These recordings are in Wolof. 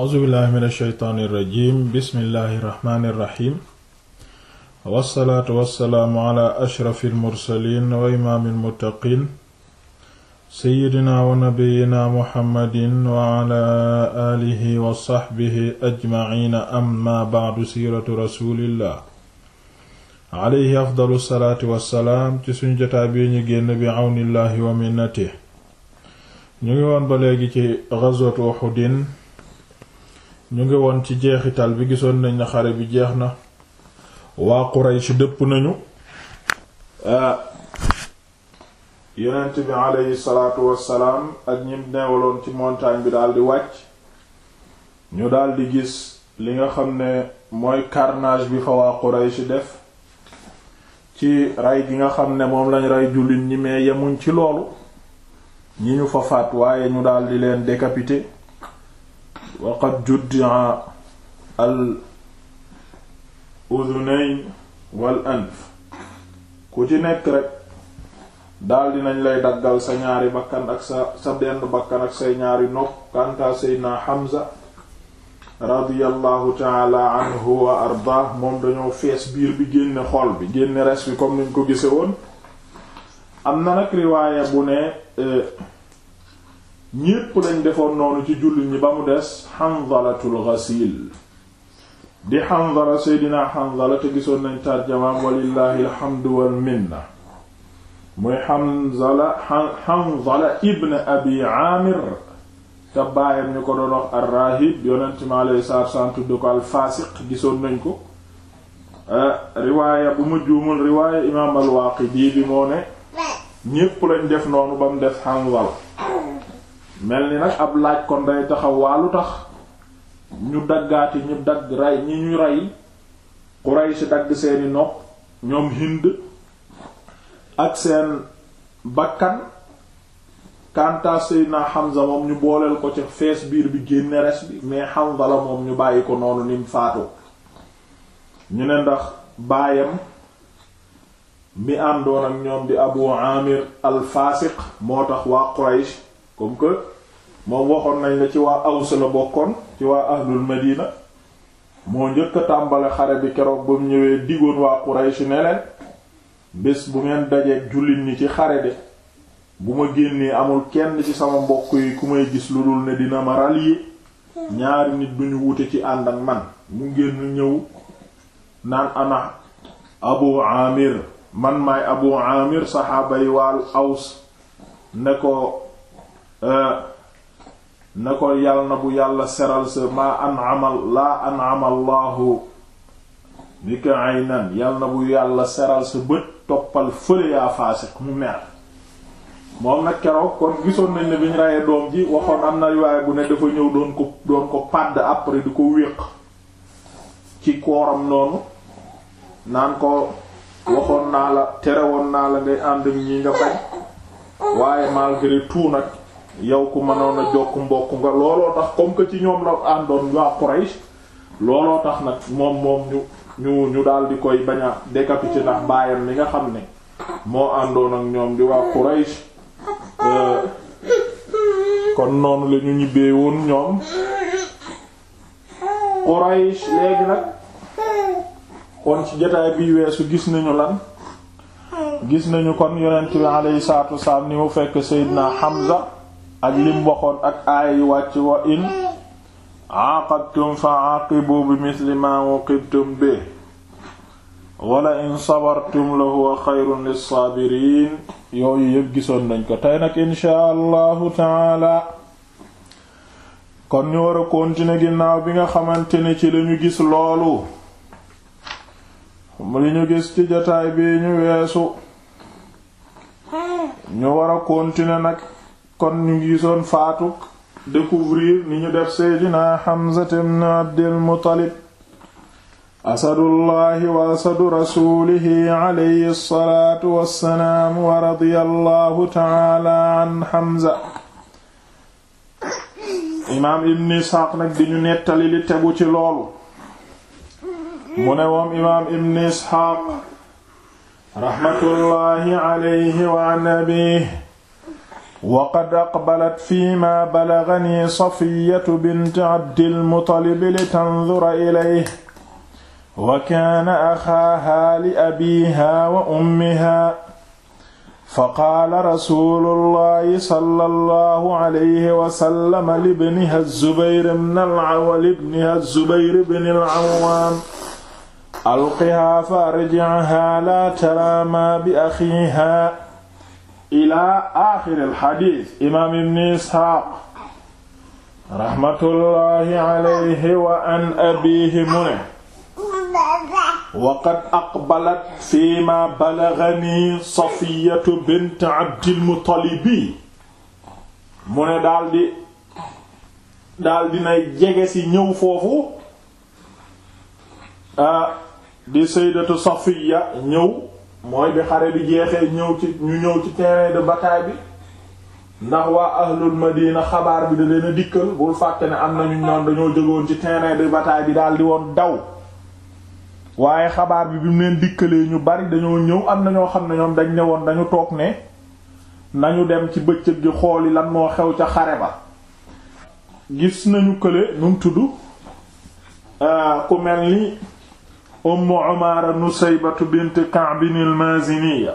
auzubillahi min asheytaani irrajim bismillahi irrahmani irrahim wassalaatu wassalaamu ala ashrafi almursalin wa imaami almuttaqin seyidina wa nabiyina muhammadin wa ala alihi wa saxbihi ajmaciina amma bacdu siiratu rasulillah alayhi afdalu salaati wassalaam ci suñu jotaay bi ñu génn bi awnillahi wa minnatihi ñu ngi woon ba léegi ci gazwatu Uhudin ñu ngi woon ci jeexital bi gisoon nañ na xare bi jeex na waa Quraysh dëpp nañu euh, yonent bi aleyhi salaatu wassalaam ak ñim neewaloon ci montagne bi daal di wàcc ñu daal di gis li nga xam ne mooy carnage bi fa waa Quraysh def ci rey gi nga xam ne moom lañ rey jullit ñi mais yemuñ ci loolu ñi ñu fa faat waaye ñu daal di leen décapité waqad juddia al udunayn wal anf ku ci nekk rek daal nañ lay daggal sa ñaari bakkan ak sa sa benn bakkan ak say ñaari nopp kanta seydna Hamza radiyallahu taala anhu wa arda moom dañoo fees biir bi génne xool bi génne res bi comme niñ ko gise woon am na nag riwaaya bu ne eh, ñépp lañ defoon noonu ci jullit ñi ba mu des xandalatul ghasil di xandala seydinaa xandala te gisoon nañ tarjamaam walillaahi alxamdu wal minna muy xanzala xanzala ibn abi aamir te baayam ñu ko doon wax arraahib yonent mi alayhi salaatu wassalaam tudd ko alfaasiq gisoon nañ ko eh, riwaaya bu ma juumul riwaaya imaam alwaaqidi bi moo ne ñépp def noonu ba mu des xandala mel ni nag ab laaj kon day taxaw waa lu tax ñu daggaati ñu dagg rey ñi ñu ray Quraysh dagg seeni nopp ñoom Hind ak seen bakkan kanta na Hamza moom ñu booleel ko ci fees biir bi génne res bi mais Hamza moom ñu bàyyi ko noonu ni faatoo ñu ne ndax baayam mi àndoon ak ñoom di Abu Amir al-Fasiq moo tax waa Quraysh comme que moom waxoon nañ la ci waa Aws la bokkoon ci waa ahlul Madina moo njëkk a xare bi keroog ba mu ñëwee digoon waa Quraysh ne leen bés bu ngeen dajeek jullit ñi ci xare de bu ma génnee amul kenn ci sama mbokk yi ku may gis lu dul ne dina ma rallier ñaari nit duñu wute ci ànd ak man mu génn ñëw naan ana Abu Amir man maay Abu Amir saxaaba yi waa Aws ne ko ne ko yàlla na bu yàlla seral sa ma an'amal laa an'ama Allahu bika aynan yàlla na bu yàlla seral sa bët toppal fële yaa faasiq mu mer moom nag keroog kon gisoon nañ ne bi reyee doom ji waxoon am na riwaay bu ne dafa ñëw doon ko doon ko pàdd après di ko wéq ci kooram noonu naan ko waxoon naa la terewoon naa la ngay ànd ñi nga bañ waaye malgré tout nag yow ku mënoon a jokk mbokk nga looloo tax comme que ci ñoom la àndoon waa Quraysh looloo tax nag moom moom ñu ñu ñu daal di koy bañ a ci ndax baayam mi nga xam ne moo àndoon ak ñoom di waa Quraysh euh, kon noonu la ñu ñibbee woon ñoom Quraysh léegi nag kon ci jotaay bi weesu gis nañu lan gis nañu kon yonent bi alayhi salaatu wasalaam ni mu fekk Seydina Hamza ak lim waxoon ak aaya yu wàcc wa in aaqabtum fa aaqibu bi misli ma bi wala in sabartum la huwa xayrun lissaabiriin yooyu yëpp gisoon nañ ko tey nag inshaa allahu taala kon ñu war a ginnaaw bi nga xamante ne ci li gis loolu li gis ci jotaay bi ñu weesu ñu war a nag kon ñu gisoon faatuk découvrir ni ñu def seydina Hamza ibn Abdil Muttalib asadullahi wa asadu rasulihi alayhi lsalatu wassalaam wa radia allahu taala an Hamza imaam ibn isxaaq nag di ñu nettali li tegu ci loolu mu ne moom imaam ibn isxaaq raxmatullahi alayhi wa an abiihi waqad aqbalat fi ma balagani safiyatu bint abdilmutalibi litandura ilayh wa kaana axaaha li abiha wa ummiha faqaala rasuulullahi sallallahu alayhi wasallam libniha zubayr ibn libniha zubayr ibn al-awwaam alqihaa fa arjicha laa taraa maa bi axiiha ila axiril xadiis imaam ibn isxaaq raxmatullaahi wa an abiihi mu ne waqad aqbalat fi ma balagani safiyatu bint abdilmuttalibi mu ne daldi daldi nay jege ci ñëw foofu ah, di sayyidatu safiya ñëw mooy bi xare bi jeexee ñëw ci ñu ñëw ci terrain de bataille bi ndax waa ahlul madina xabaar bi da leen a dikkal bul fàtte ne am ñu noon dañoo jógoon ci terrain de bataille bi daal di woon daw waaye xabaar bi bi mu dikkalee ñu bari dañoo ñëw am na ñoo xam ne ñoom dañ ne woon dañu toog ne nañu dem ci bëccëg xool yi lan moo xew ca xare ba gis nañu kële nu mu tudd euh, ku mel ni ummu umaara nusaybatu bint ka'bin al-maaziniya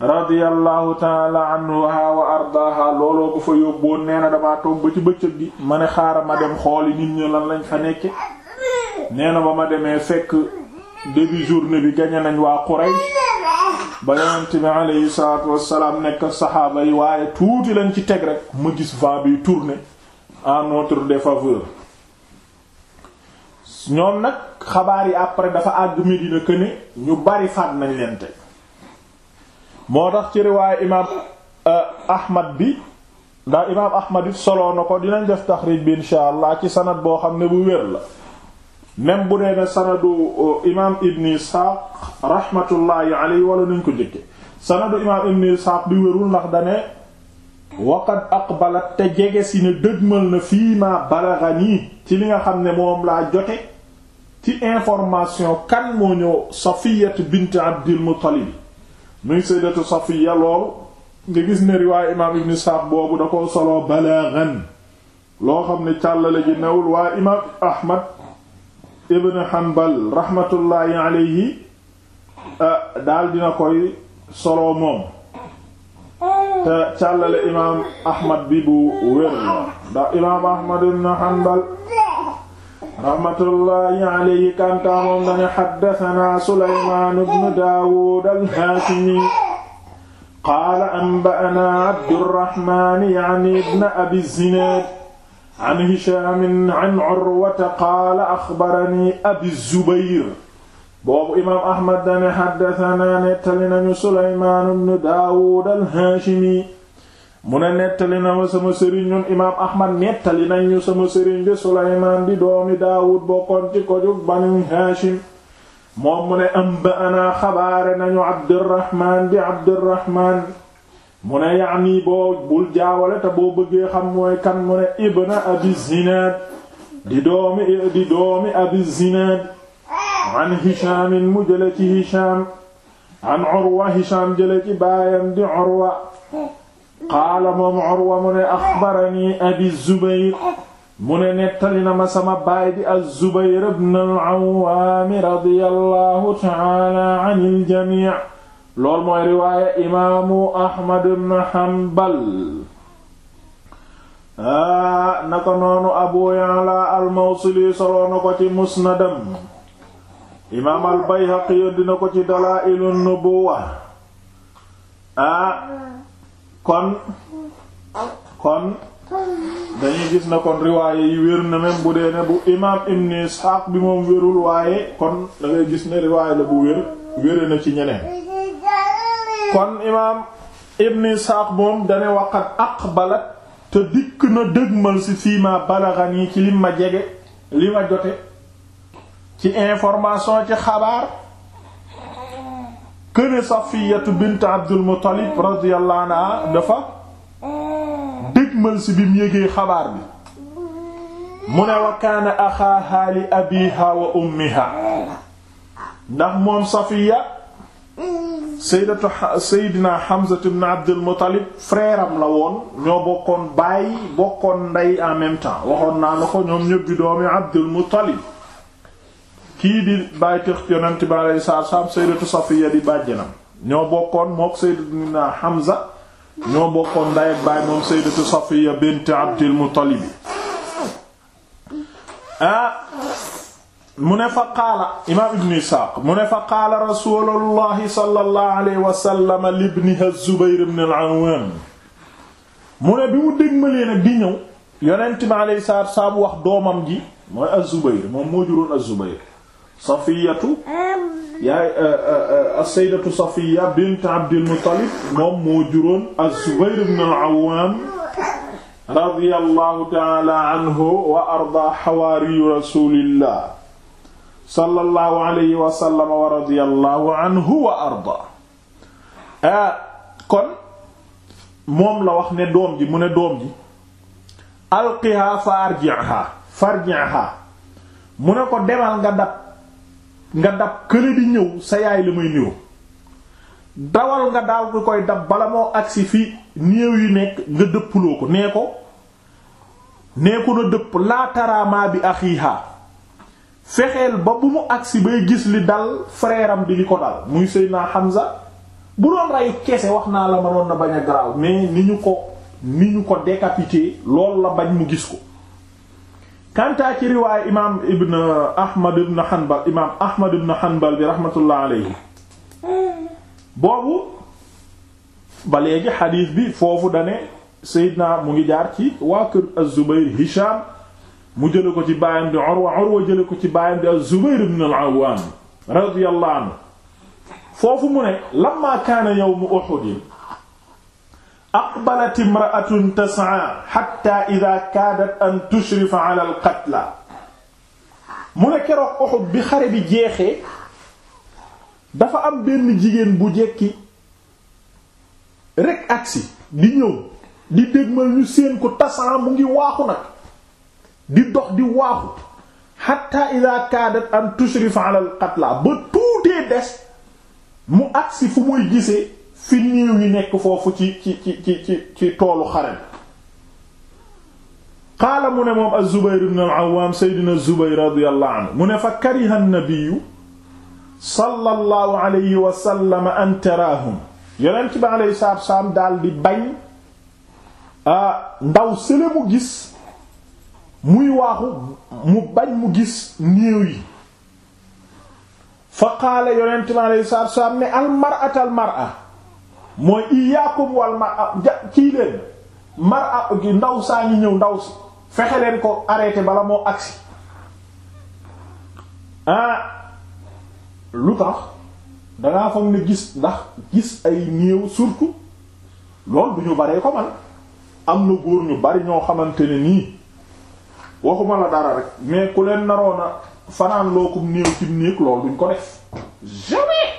radiyallahu taala anha wa ardaaha looloo ko fa yóbboon nee na damaa toog ba ci bëccëg gi ma ne xaaral ma dem xooli nit ñi lan lañ fa nekke nee na ba ma demee fekk début journée bi gañe nañ waa Quraysh ba yonent bi aleyhi salaatu wassalaam nekk saxaaba yi waaye tuuti lañ ci teg rek ma gis vent bi tourner en notre défaveur ñoom nag xabaar yi après dafa àgg Medina que ne ñu bari faat nañ leen teg moo tax ci riwaayu imaam euh, Ahmad bi ndax imaam Ahmad it soloo na ko dinañ def taxriij bi insha allah ci sanad boo xam ne bu wér la même bu dee ne sanadu euh, imaam Ibn Isxaaq rahmatullahi alayhi wala nuñ ko jëkke sanadu imaam Ibn Isxaaq bi wérul ndax dane waqad aqbalat te jege si ne dëgmal na fii ma balaghani ci li nga xam ne moom laa jote ci information kan moo ñëw safiyatu bint abdil muttalib muy sayyidatu safiya loolu nga gis ne riwaayu imaam ibn Sa'd boobu da ko solo balaghan loo xam ne càllale ji newul waa imaam ahmad ibn hanbal rahmatullaahi alayhi ah, daal dina koy solo moom te càllale imaam ahmad bi bu wér la ndax imaam ahmad ibn hanbal rahmatullahi alayhi kantaa moom dane xaddatanaa sulaymaan ibn daawuud alhaashimi qaala anba'anaa abdurrahmaan yani ibn abi zinaad an hishaam an urwata qaala axbaranii abi zubayr boobu imaam ahmad dane xaddatanaa nettali nañu suleymaanu bnu daawud alhaashimi mu ne nettali na ma sama sëriñ ñun imaam ahmad nettali nañu sama sëriñ di suleymaan di doomi daawud bokkoon ci kojug banu haashim moom mu ne amba'anaa xabaare nañu abdirahmaan di abdirahmaan mu ne yaani boo bul jaawale boo bëggee xam mooy kan mu ne ibna abi zinaad di doomi abi zinaad an Hishaamin mu jële ci Hishaam an Urwa Hishaam jële ci baayam di Urwa qaala moom Urwa mu ne axbarani abi Zubayr mu ne nettali na ma sama baay di az-Zubayr ibn al-Awwaam radiyallahu ta'ala anil jamii' lool mooy riwaaya imaamu Ahmad ibn Hanbal aa naka noonu Abu Ya'la al-Mawsili soloo na ko ci musnadam imaam al-Bayhaqi yoddi na ko ci Dalaa'ilu Nubuwa ah kon kon dañuy gis na kon riwaaye yi wér na même bu dee ne bu imaam Ibn Isxaaq bi moom wérul waaye kon da gis ne riwaaye la bu wér wére na ci ñeneen kon imaam Ibn Isxaaq moom dane waqat aqbalat te dikk na dëgmal si fiima balaxan yi ci lim ma jege li ma jote ci information ci xabaar këne Safiyatu bint Abdul Muttalib radiyallahu anha dafa dégmal si bi mu yégee xabaar bi mu ne wa kaana axaaha li abiha wa ummiha ndax moom Safiya sayyidatu sayyidina Hamza Abdul Muttalib frère la woon ñoo bokkoon baay bokkoon ndey en même temps waxoon naa la ko ñoom ñëpp doomi Abdul Muttalib kii di bàyyi tëx yonent bi alayhi salaatu wa salaam sayyidatu Safiya di bàjjanam ñoo bokkoon mook sayyidina Hamza ñoo bokkoon ndey ak moom sayyidatu Safiya bint Abdil Muttalib ah, mu ne fa qaala imaam ibn Isaaq mu ne fa qaala rasuulullahi sallallahu alayhi wa sallam libnihi az-Zubayr al-Awwam mu ne bi mu dégmalee nag di ñëw yonent bi alayhi wax doomam ji mooy az-Zubayr moom moo juróon az Safiyatu yaay eh, eh, eh, as-sayyidatu Safiya bint Abdil Muttalib moom moo juróon az-Zubayr ibn al-Awwam radiyallahu ta'ala anhu wa arda hawaari rasulillah sallallahu alayhi wa sallam wa radiyallahu anhu wa arda kon moom la wax ne doom ji mu ne doom ji alqiha fa arji'ha farji'ha mu ne ko demal nga dab nga dab kële ñëw sa yaay la muy niru dawal nga daaw nga koy dab bala moo agsi fi néew yi nekk nga dëpploo ko nee ko nee ko dëpp laataraamaa bi axiihaa fexeel ba bu mu agsi bay gis li dal frère bi di li ko dal muy naa Hamza bu doon rayu kese wax naa la ma doon na bañ a garaaw mais ni ñu ko ni ñu ko décapité loolu la bañ mu gis ko kantaa ci riwaay imaam ibn ahmad ibn hanbal imaam ahmad ibn hanbal bi rahmatullah alayhi boobu ba léegi xadiis bi foofu dane Seydina mu ngi jaar ci waa kër az-Zubayr Hisham mu jële ko ci baayam di Urwa Urwa jële ko ci baayam di az-Zubayr ibn al-Awwam radiyallahu anhu foofu mu ne lamma kaana yawmu Uhud aqbalat imra'atun tas'a hatta idha kaadat an tushrifa 'ala al-qatla mu ne keroog Uhud bi xare bi jeexee dafa am benn jigéen bu jekki rek agsi di ñëw di dégmal ñu seen ko tas'a mu ngi waaxu nag di dox di waaxu hatta idha kaadat an tushrifa 'ala al-qatla ba tuutee des mu agsi fu muy gisee fi néew yi nekk foofu ci ci ci toolu xare qaala mu ne moom az-Zubayr ibn al-Awwam sayyidina Zubayr radiyallahu anhu mu ne fa kariha an-nabiyyu sallallahu alayhi wa sallam an taraahum yonent bi alayhi salaatu wa salaam daal di bañ ndaw sële mu gis muy waaxu mu bañ mu gis néew yi fa qaala yonent bi alayhi salaatu salaam ne al-mar'atu mooy iyaakum wal mar ah, kii leen mar ah, gi ndaw saa ngi ñëw ndaw si fexe leen ko arrêté bala moo agsi ah lu tax dangaa foog ne gis ndax gis ay néew surtout lool bu ñu baree ko man am na góor ñu bari ñoo xamante ne nii waxuma la dara rek mais ku leen naroon a fanaan lookum néew ci néeg lool duñ ko def jamais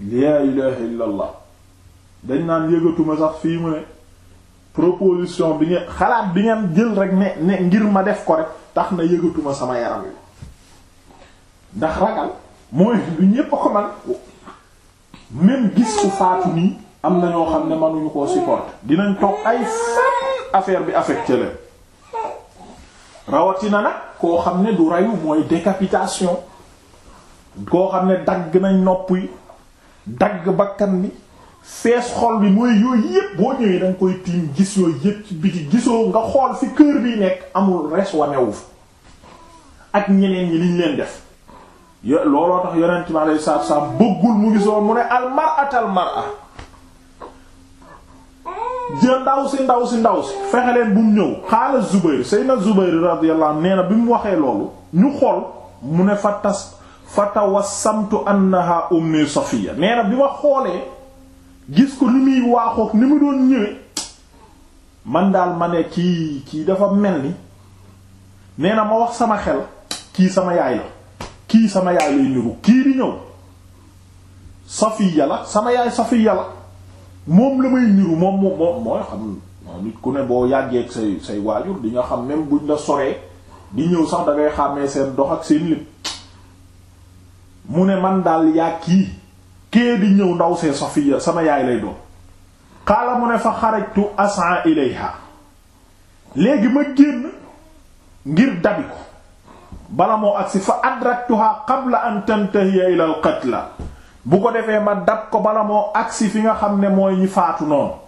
la ilaha illa dañ naan yëgatuma sax fii mu ne proposition bi ngeen xalaat bi ngeen jël rek ne ne ngir ma def ko rek tax na yëgatuma sama yaram yi ndax ragal mooy du ñépp a man même gis ku faatu nii am na ñoo xam ne mënuñu koo supporter dinañ toog ay affaire bi affecté leen rawatina nag koo xam ne du reyu mooy décapitation koo xam ne dagg nañ nopp yi dagg bakkan bi fees xol bi mooy yooyu yépp boo ñëwee da koy tiim gis yooyu yépp ci biti gisoo nga xool fi kër bi nekk amul res wanewu fa ak ñeneen ñi liñ leen def yo looloo tax yonent mi alayhi salaatu salaam bëggul mu gisoo mu ne al mar'ata al mar'a jë ndaw si ndaw si ndaw si fexe leen bu mu ñëw xaala Zubayr sayna Zubayr radiyallahu anhu nee na bi mu waxee loolu ñu xool mu ne fa tas fa tawassamtu annaha ummi Safiya nee na bi ma xoolee gis ko ni muy waaxook ni mu doon ñëwee man daal ma ne ci kii dafa mel ni nee na ma wax sama xel kii sama yaay la kii sama yaay lay niru kii di ñëw Safiya la sama yaay Safiya la moom la may niru moom moom mooy xam nit ku ne boo yàggee ak say say waajur di nga xam même buñ la soree di ñëw sax da ngay xàmmee seen dox ak seen lépp mu ne man daal yaa kii kee di ñëw ndaw see Safiya sama yaay lay doon xaala mu ne fa xarajtu as'a ilayha léegi ma génn ngir dabi ko bala moo agsi fa adraktuha qabla an tantahiya ila al qatla bu ko defee ma dab ko bala moo agsi fi nga xam ne mooy ñi faatu noonu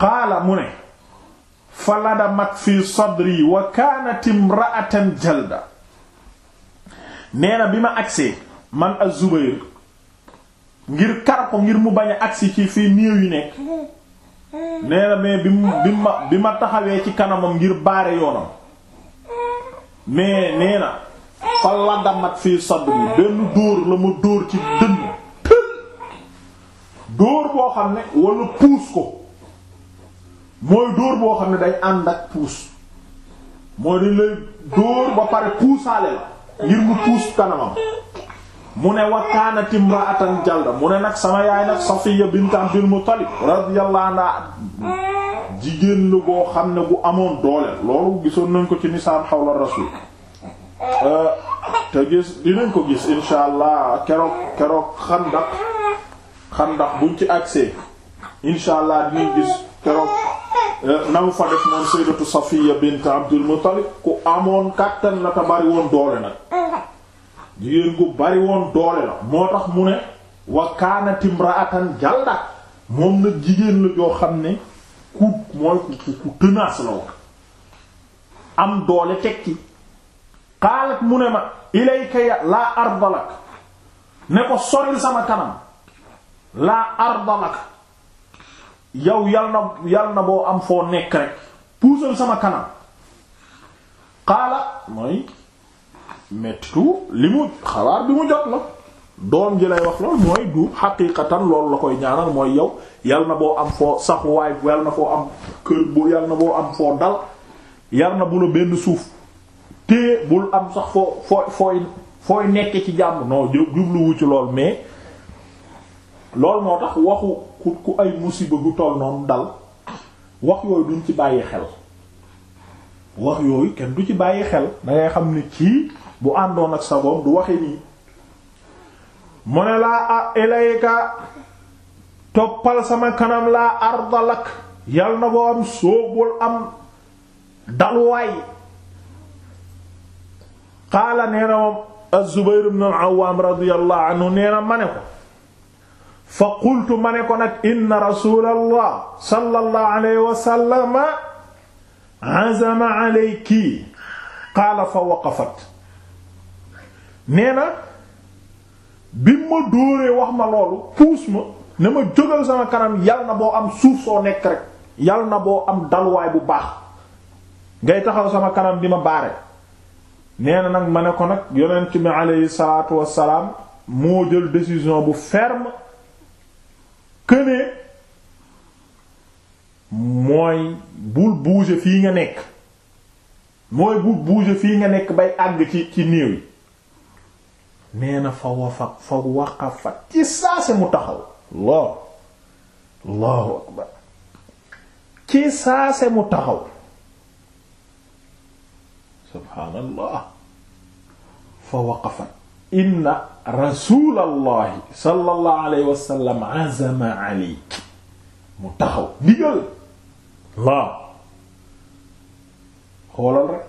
qaala mu ne fa ladamat fi sadri wa kaanat imra'atan jalda nee na bi ma agsee man az-Zubayr ngir kar ko ngir mu bañ a agsi ci fii néew yi nekk nee mais bi ma bi ma taxawee ci kanamam ngir baare yoonam mais nee na fa la damat fii saddu dóor la ma dóor ci dënn tël dóor boo xam ne wala puus ko mooy dóor boo xam ne day ànd ak puus mooy dañ lay dóor ba pare puusaale ngir mu puus kanamam mu ne wa kaanat imra'atan jalda mu ne nag sama yaay nag Safiya bint Abdul Muttalib radiyallahu anha jigéen lu boo xam ne bu amoon doole loolu gisoon nañ ko ci nisaan xawla rasul te gis dinañ ko gis insha allah keroog keroog xandax xandax buñ ci agsee insha allah dinañ gis keroog eh, nam fa def moom sayyidatu Safiya bint Abdul Muttalib ku amoon kàttan la te bari woon doole nag jigéen gu bari woon doole la moo tax mu ne wa kaanat imra'atan jalda moom nag jigéen la joo xam ne ku mooy ku ku tenace la woon am doole tekki xaalat mu ne ma ilayka ya laa ardalak ne ko soril sama kanam laa ardalak yow yal na yal na boo am foo nekk rek puusal sama kanam xaala mooy mettitu li mu xalaat bi mu jot na doom ji lay wax lool mooy du xaqiiqatan lool la koy ñaanal mooy yow yal na boo am foo saxuwaay yal na foo am kër bu yal na boo am foo dal yal na bu la benn suuf te bul am sax foo foo fooy fooy nekk ci jàmm non jubluwu ci lool mais loolu moo tax waxu ku ku ay musiba gu toll noonu dal wax yooyu duñ ci bàyyi xel wax yooyu kenn du ci bàyyi xel da xam ne kii bu àndoon ak sagoom du waxe nii laa ilayka toppal sama kanam laa ardalak yal na boo am sóobul am dalwaay qaala nee na moom az-Zubayr ibn al-Awwam radiyallahu anhu nee na fa qultu ma ne ko nag inna rasulallah alayhi wa sallam alayki qaala fa waqafat nee na bi ma dóoree wax ma loolu puus ma ne ma jógal sama kanam yal na boo am suuf soo nekk rek yal na boo am dalwaay bu baax ngay taxaw sama kanam di ma baare nee na nag ma ne ko nag yonent bi aleyhi salaatu wassalaam moo jël décision bu ferme kënee mooy bul bouger fii nga nekk mooy bul bouger fii nga nekk bay àgg ci ci néew yi nee na fa wafa fa waqafa ci saase mu taxaw Allah Allahu akbar ci saase mu taxaw subhaanallah fa waqafat inna rasulallahi sallallahu alayhi wa sallam azama alayk mu taxaw ndigal laa xoolal rek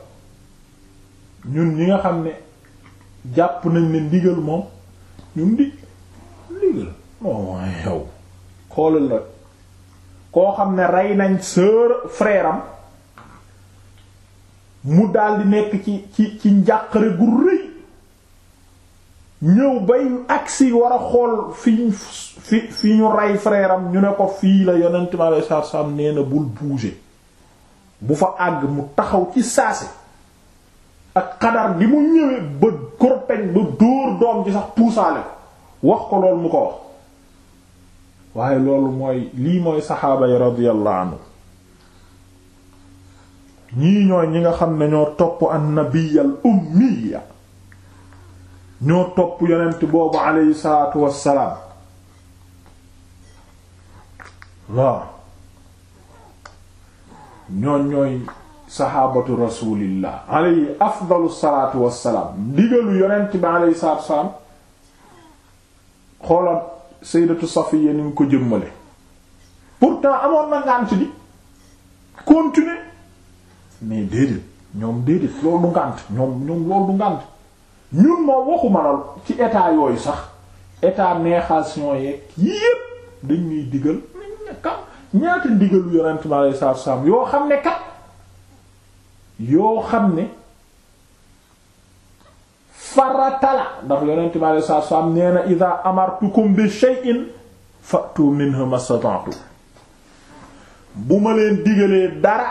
ñun ñi nga xam ne jàpp nañ ne ndigal moom ñun di ndigal moom oh, yow xoolal la koo xam ne rey nañ sœur frère mu daldi nekk ci ci ci njàqare gu rëy ñëw bay agsi war a xool fi ñu fi fi ñu rey frère ñu ne ko fii la yonent mi alei satu salaam nee na bul bouger bu fa àgg mu taxaw ci saase ak xadar bi mu ñëwee ba korpeñ ba dóor doom ji sax puusaale ko wax ko loolu mu ko wax waaye loolu mooy lii mooy saxaaba yi radiyallahu anhu ñii ñooy ñi nga xam ne ñoo topp annabiyal ummiya ñoo topp yonent boobu aleyhi salaatu wassalaam waaw ñooñ ñooy saxaabatu rasulillah alayhi afdalu salaatu wassalaam digalu yonent bi alayhi salaatu wassalaam xoolal sayyidatu Safiya ni ko jëmmale pourtant amoon na ngànt di continuer mais déedéet ñoom déedéet loolu du ngànt ñoom ñoom loolu ngànt ñun moom waxuma la ci état yooyu sax état néexation yeeg yépp dañ ñuy digal kam ñaata digalu yonent bi alayhi salaatu wassalaam yoo xam ne kat yoo xam ne faratala ndax yonent bi alei satu salaam nee na ida amartukum bi shay'in fatu minhu mastata'tum bu ma leen digalee dara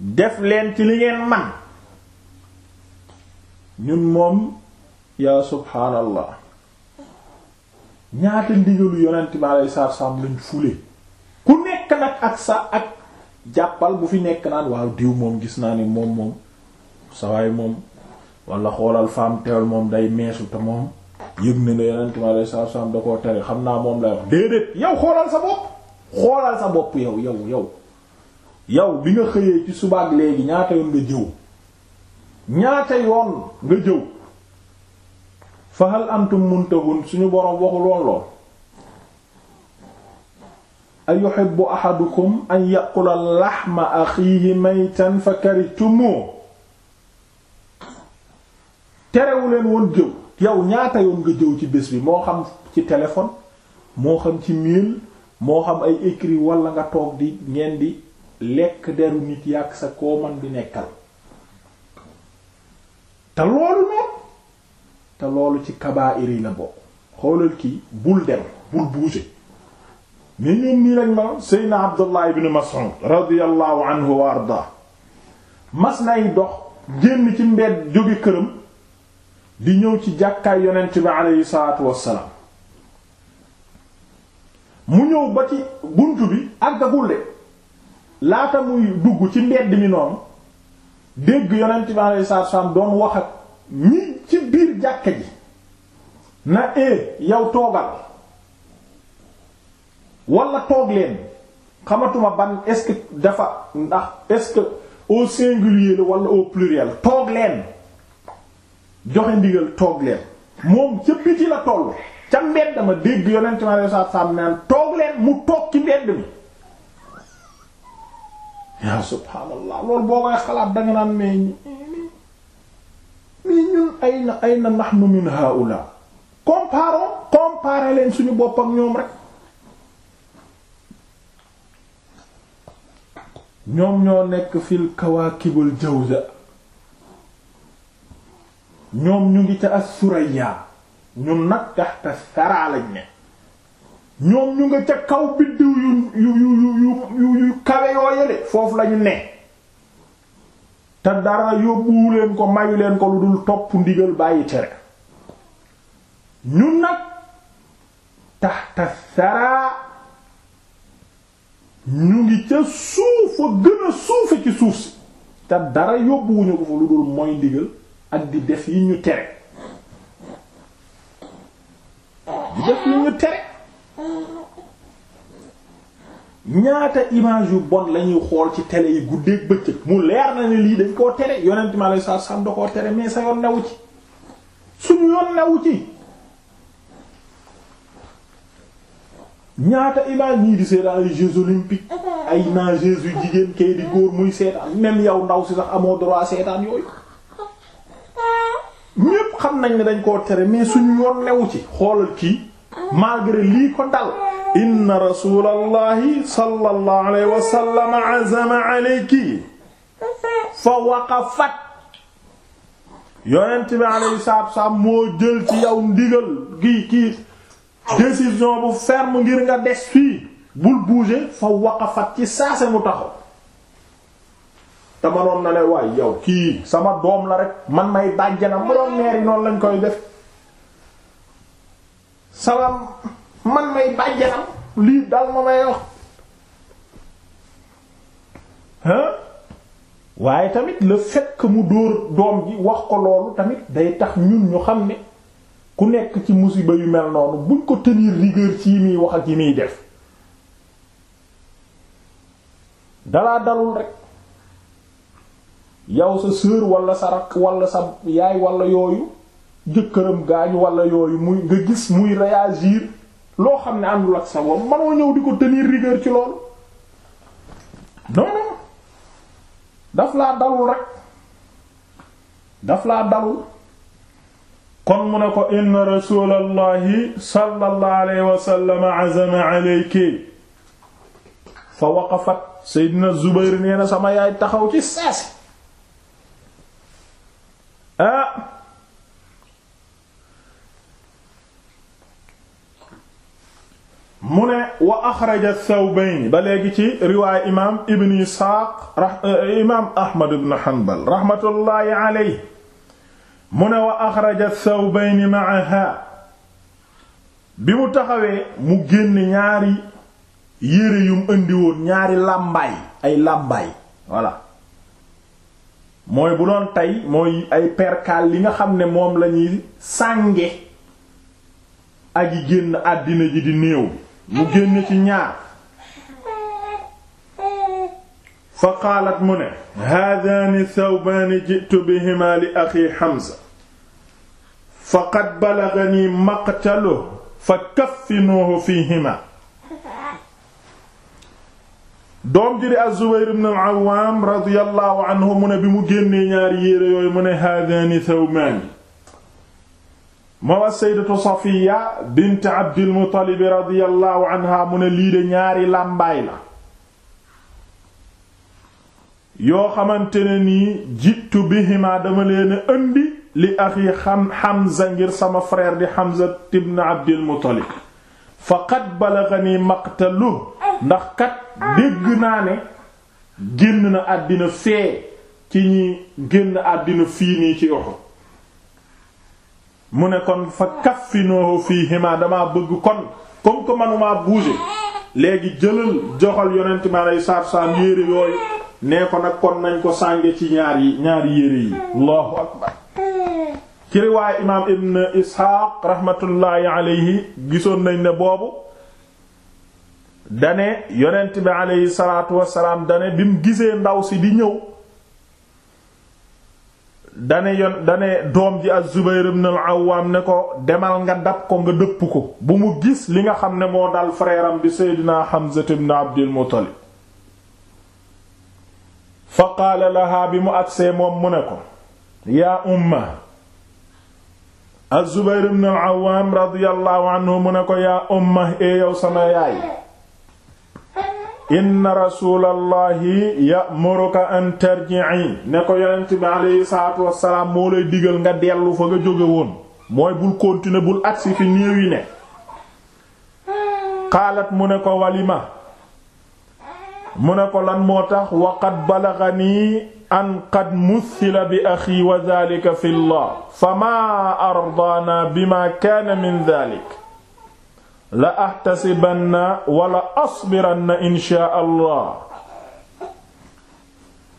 def leen ci li ngeen man ñun moom yaa subhaanallah ñaata ndigalu yonent bi alei satu salaam lañ fule ku nekk nag ak sa ak jàppal bu fi nekk naan waaw diw moom gis naa ni moom moom sawaay moom wala xoolal femme teel moom day meesu te moom yëg na ne yeneen ma lay saa da koo tere xam naa moom lay wax déedéet yow xoolal sa bopp xoolal sa bopp yow yow yow bi nga xëyee ci subaak léegi ñaata yoon nga jëw ñaata yoon nga jëw fahal antum muntahun suñu borom waxul woon lool ayuhibbu ahadukum an ya'kula lahma akhihi maytan fakarihtumuuh terewuleen woon jëw yow ñaata yoon nga jëw ci bés bi moo xam ci téléphone moo xam ci mail moo xam ay écrit wala nga toog di ngeen di lekk deru nit yàq sa koo man bi nekkal te loolu moom te loolu ci kabaa'ir yi la bokk xoolal kii bul dem bul bouger mais ñoom nii lañ ma Seydina Abdullah ibn Mas'ud radiyallahu anhu wa arda mas nay dox génn ci mbedd jóge këram di ñëw ci jàkkaay yonent bi aleyhi salaatu wassalaam mu ñëw ba ci buntu bi àggagul de laata muy dugg ci mbedd mi noonu dégg yonent bi aleyhi salaatu doon wax ak ñi ci biir jàkka ji na ee eh, yow toogal wala toog leen xamatuma ban est dafa ndax est-ce que au singulier la au pluriel toog leen joxe ndigal toog leen moom ca ci la toll ca mbedd ma dégg yonent mi alayhi salaatu salaam naan toog leen mu toog ci mbedd mi yaa subhaanallah loolu boo koy xalaat danga naan mais mais ñun ay na ay na nahnu min haula comparons comparé leen suñu boppam ñoom rek ñoom ñoo nekk fil jëw jawza ñoom ñu ngi ca as-suraya ñun nag taxta sara lañ ne ñoom ñu nga ca kaw biddiw yu yu yu yu yu kawe yoo yële foofu lañu ne te dara yóbbuwu leen ko mayu leen ko lu dul topp ndigal bàyyi tere ñu nag taxta sara ñu ngi ca suufa gën a suufe ci suuf si te dara yóbbuwuñu ko fa lu dul mooy ndigal ak di def yi ñu tere di def yi ñu tere ñaata image yu bon lañuy xool ci télé yi guddeeg bëccëg mu leer na ne lii dañ koo tere yonent mi alayhi salaatu salaam da koo tere mais sa yoon newu ci suñu yoon newu ci ñaata image ñii di seetaan ay jeux olympiques ay nageuse yu jigéen kay di góor muy seetaan même yow ndaw si sax amoo droit seetaan yooyu ñépp xam nañ ne dañ koo tere mais suñu yoon newu ci xoolal kii malgré lii ko dal inna rasulallahi sallallahu alayhi wa sallam azama alayki fa waqafat yonent bi alayhi salaatu wa salaam moo jël ci yow ndigal gi kii décision bu ferme ngir nga des fii bul bouger fa waqafat ci saase mu taxaw te manoon na ne waay yow kii sama doom la rek man may bàjjana mu doon neeri noonu lañ koy def salaam man may bàjjanam lii dal ma may wax hein waaye tamit le fekk mu dóor doom ji wax ko loolu tamit day tax ñun ñu xam ne ku nekk ci musiba yu mel noonu buñ ko tenir rigueur ci yi muy wax ak yi muy def dalaa dalul rek yow sa sœur wala sa rak wala sa yaay walla yooyu jëkkëram gaañu walla yooyu muy nga gis muy réagir loo xam ne àndul ak sa wom manoo ñëw di ko tenir rigueur ci loolu non non daf laa dalul rek daf laa dalul kon mu ne ko inna rasulallahi sallallahu alayhi wa sallam azama alayki fa waqafat seydina zubayr nee na sama yaay taxaw ci saasi ah mu ne wa axraja thawbayn ba léegi ci riwaay imaam ibn isxaaq imaam ahmad ibn hanbal rahmatullahi alayhi mu ne wa axraja thawbayni ma'aha bi mu taxawee mu génn ñaari yére yum indi woon ñaari làmbaay ay làmbaay voilà mooy bu doon tey mooy ay perkaal li nga xam ne moom lañuy sànge aji génn àddina ji di néew mu génn ci ñaar fa qaalat mu ne haadaani thawbaani ji'tu bihimaa li Hamza faqad balagani maqtaluhu fa kaffinuhu fihima doom ji az-Zubayr ibn al-Awwam radiyallahu anhu mu ne bi mu génnee ñaari yére yooyu mu ne haadaani thawmaani moo wa sayyidatu Safiya bint Abdil Muttalib radiyallahu anha mu ne lii de ñaari làmbaay la yoo xamante ne nii jiitu bihimaa dama leen a indi li axi xam Hamza ngir sama frère di Hamza ibn Abdil Muttalib faqad balaghani maqtalu ndax kat dégg naa ne génn na àddina fee ci ñi génn àddina fii nii ci Uhud mu ne kon fa kaffinoohu fii hima damaa bëgg kon comme que manuma bouger léegi jëlal joxal yonent ma lay saab saab yére yooyu nee ko nag kon nañ ko sànge ci ñaar yi ñaari yére yi allahu akbar ci riwaay imaam ibn isxaaq raxmatullaahi alayhi gisoon nañ ne boobu dane yonent bi alayhi salaatu wasalaam dane bi mu gisee ndaw si di ñëw dane dane doom ji az-Zubayr ibn al ne ko demal nga dab ko nga dëpp ko bu mu gis li nga xam ne moo dal frère am bi Seydina Hamza Abdul Muttalib fa qaala lahaa bi mu agsee moom mu ne ko yaa umma az-Zubayr ibn al-Awwam radiyallahu anhu mu ne ko yaa umma e yow sama yaay inna rasulallahi ya'muruka an tarji'i ne ko yonent bi alayhi salaatu wassalaam moo lay digal nga dellu fa nga jóge woon mooy bul continuer bul agsi fi néew yi ne xaalat mu ne ko walima mu ne ko lan moo tax waqad balaghani an mu muthila bi axi wa dhalika fi llah ma ardaana bima kaana min dhalik la ahtasibanna wala asbiranna inshaa allah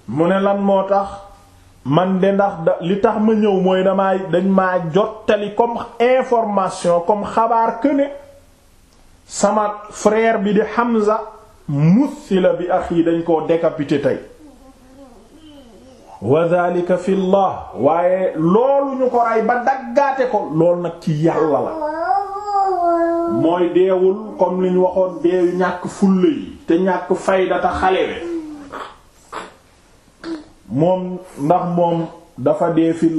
mu ne lan moo tax man de ndax da li tax ma ñëw mooy damaa dañ maa jottali comme information comme xabaar que ne sama frère bi di Hamza muthila bi axi dañ koo décapité tey wa dhalika waaye loolu ñu ko ay ba daggaate ko loolu nag ci yàlla la mooy deewul comme liñ waxoon deewu ñàkk fulla yi te ñàkk fayda te xalewe moom ndax moom dafa dee fi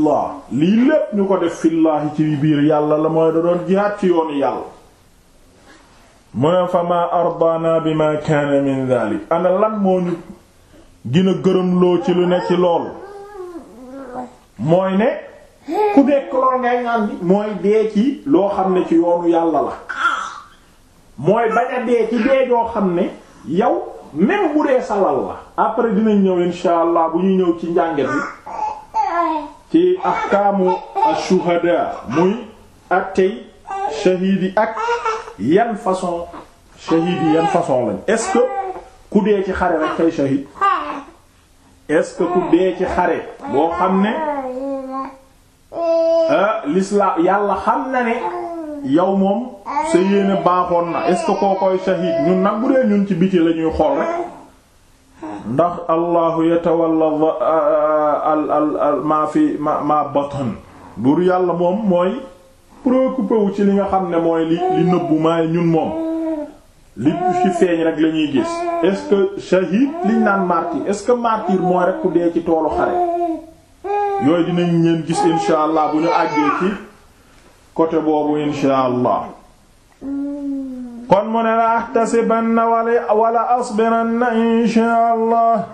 lii lépp ñu ko def fi ci biir yàlla la mooy da doon jihaad ci yoonu yàlla mu ne fa ma ardaana bima kaana min dhalik ana lan moo ñu dina gërëmloo ci lu ne ci loolu mooy ne ku nekk lool ngay ñaan mooy dee ci loo xam ne ci yoonu yàlla la mooy bañ a dee ci dee joo xam ne yow même bu dee salal la après dinañ ñëw insha allah bu ñuy ñëw ci njànget bi ci ahkaamu ashuhada muy ak tey ak yan façon shahid yi yan façon lañ est ku dee ci xare rek kay shahid est ku dee ci xare boo xam ne ah, l'islam yàlla xam na ne yow moom sa yéene baaxoon na est-ce koo koy shahid ñun nag bu dee ñun ci biti la ñuy xool rek ndax allahu yatawalla ah, ah, al al maa fi ma ma batan buur yàlla moom mooy préoccupé ci li nga xam ne mooy li li nëbbu maay ñun moom li ci feeñ rek la gis est-ce liñ naan martyr est-ce que martyr mooy rek ku dee ci toolu xare yooyu dinañ leen gis insha allah bu ñu àggee ci côté boobu insha allah kon mu ne la ahtasibanna wala wala asbiranna insha allah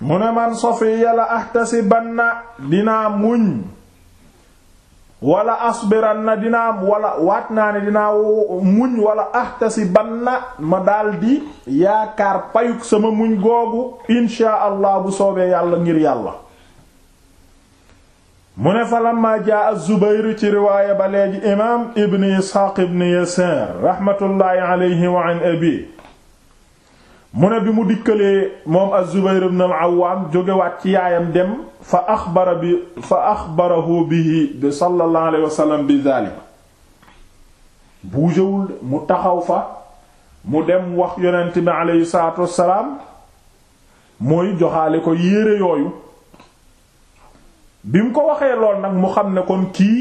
mu ne man safiya la ahtasibanna dinaa muñ wala asbiran na dinaa wala waat naa ne dinaa muñ wala ahtasibanna ma daldi yaakaar payug sama muñ googu insha allah bu soobee yàlla ngir yàlla mu ne fa lamma jaa az-Zubayr ci riwaaya ba léegi imaam ibn Isxaaq ibn Yasaar raxmatullaahi wa an abi mu ne bi mu dikkalee moom a zubayr ibn al-Awwam jógewaat ci yaayam dem fa axbara bi fa axbarahu bihi bi sallallahu alayhi wa sallam bi zaalika mu taxaw fa mu dem wax yonent bi aleyhi salaatu wassalaam mooy joxaale ko yére yooyu bi mu ko waxee lool nag mu xam ne kon kii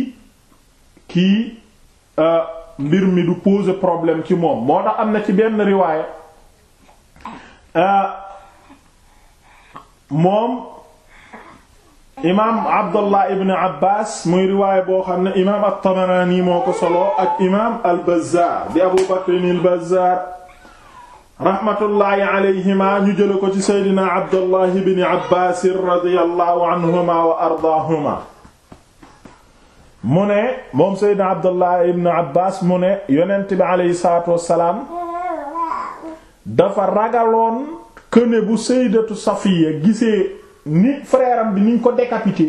kii euh, mbir mi du poser problème ci moom moo tax am na ci benn riwaaya Euh, moom imaam Abdullah ibn Abbas muy riwaay boo xam ne imaam at-Tabarani moo ko solo ak imaam al-Bazzar di Abu Bakr al-Bazzar rahmatullahi alayhima ñu jële ci Seydina Abdullah ibn Abbas radiyallahu anhuma wa ardaahuma mu ne moom Seydina Abdullah ibn Abbas mu ne yonent bi alayhi salaatu wassalaam dafa ragaloon këne bu sayyidatu Safiya gisee nit frère bi niñ ko décapité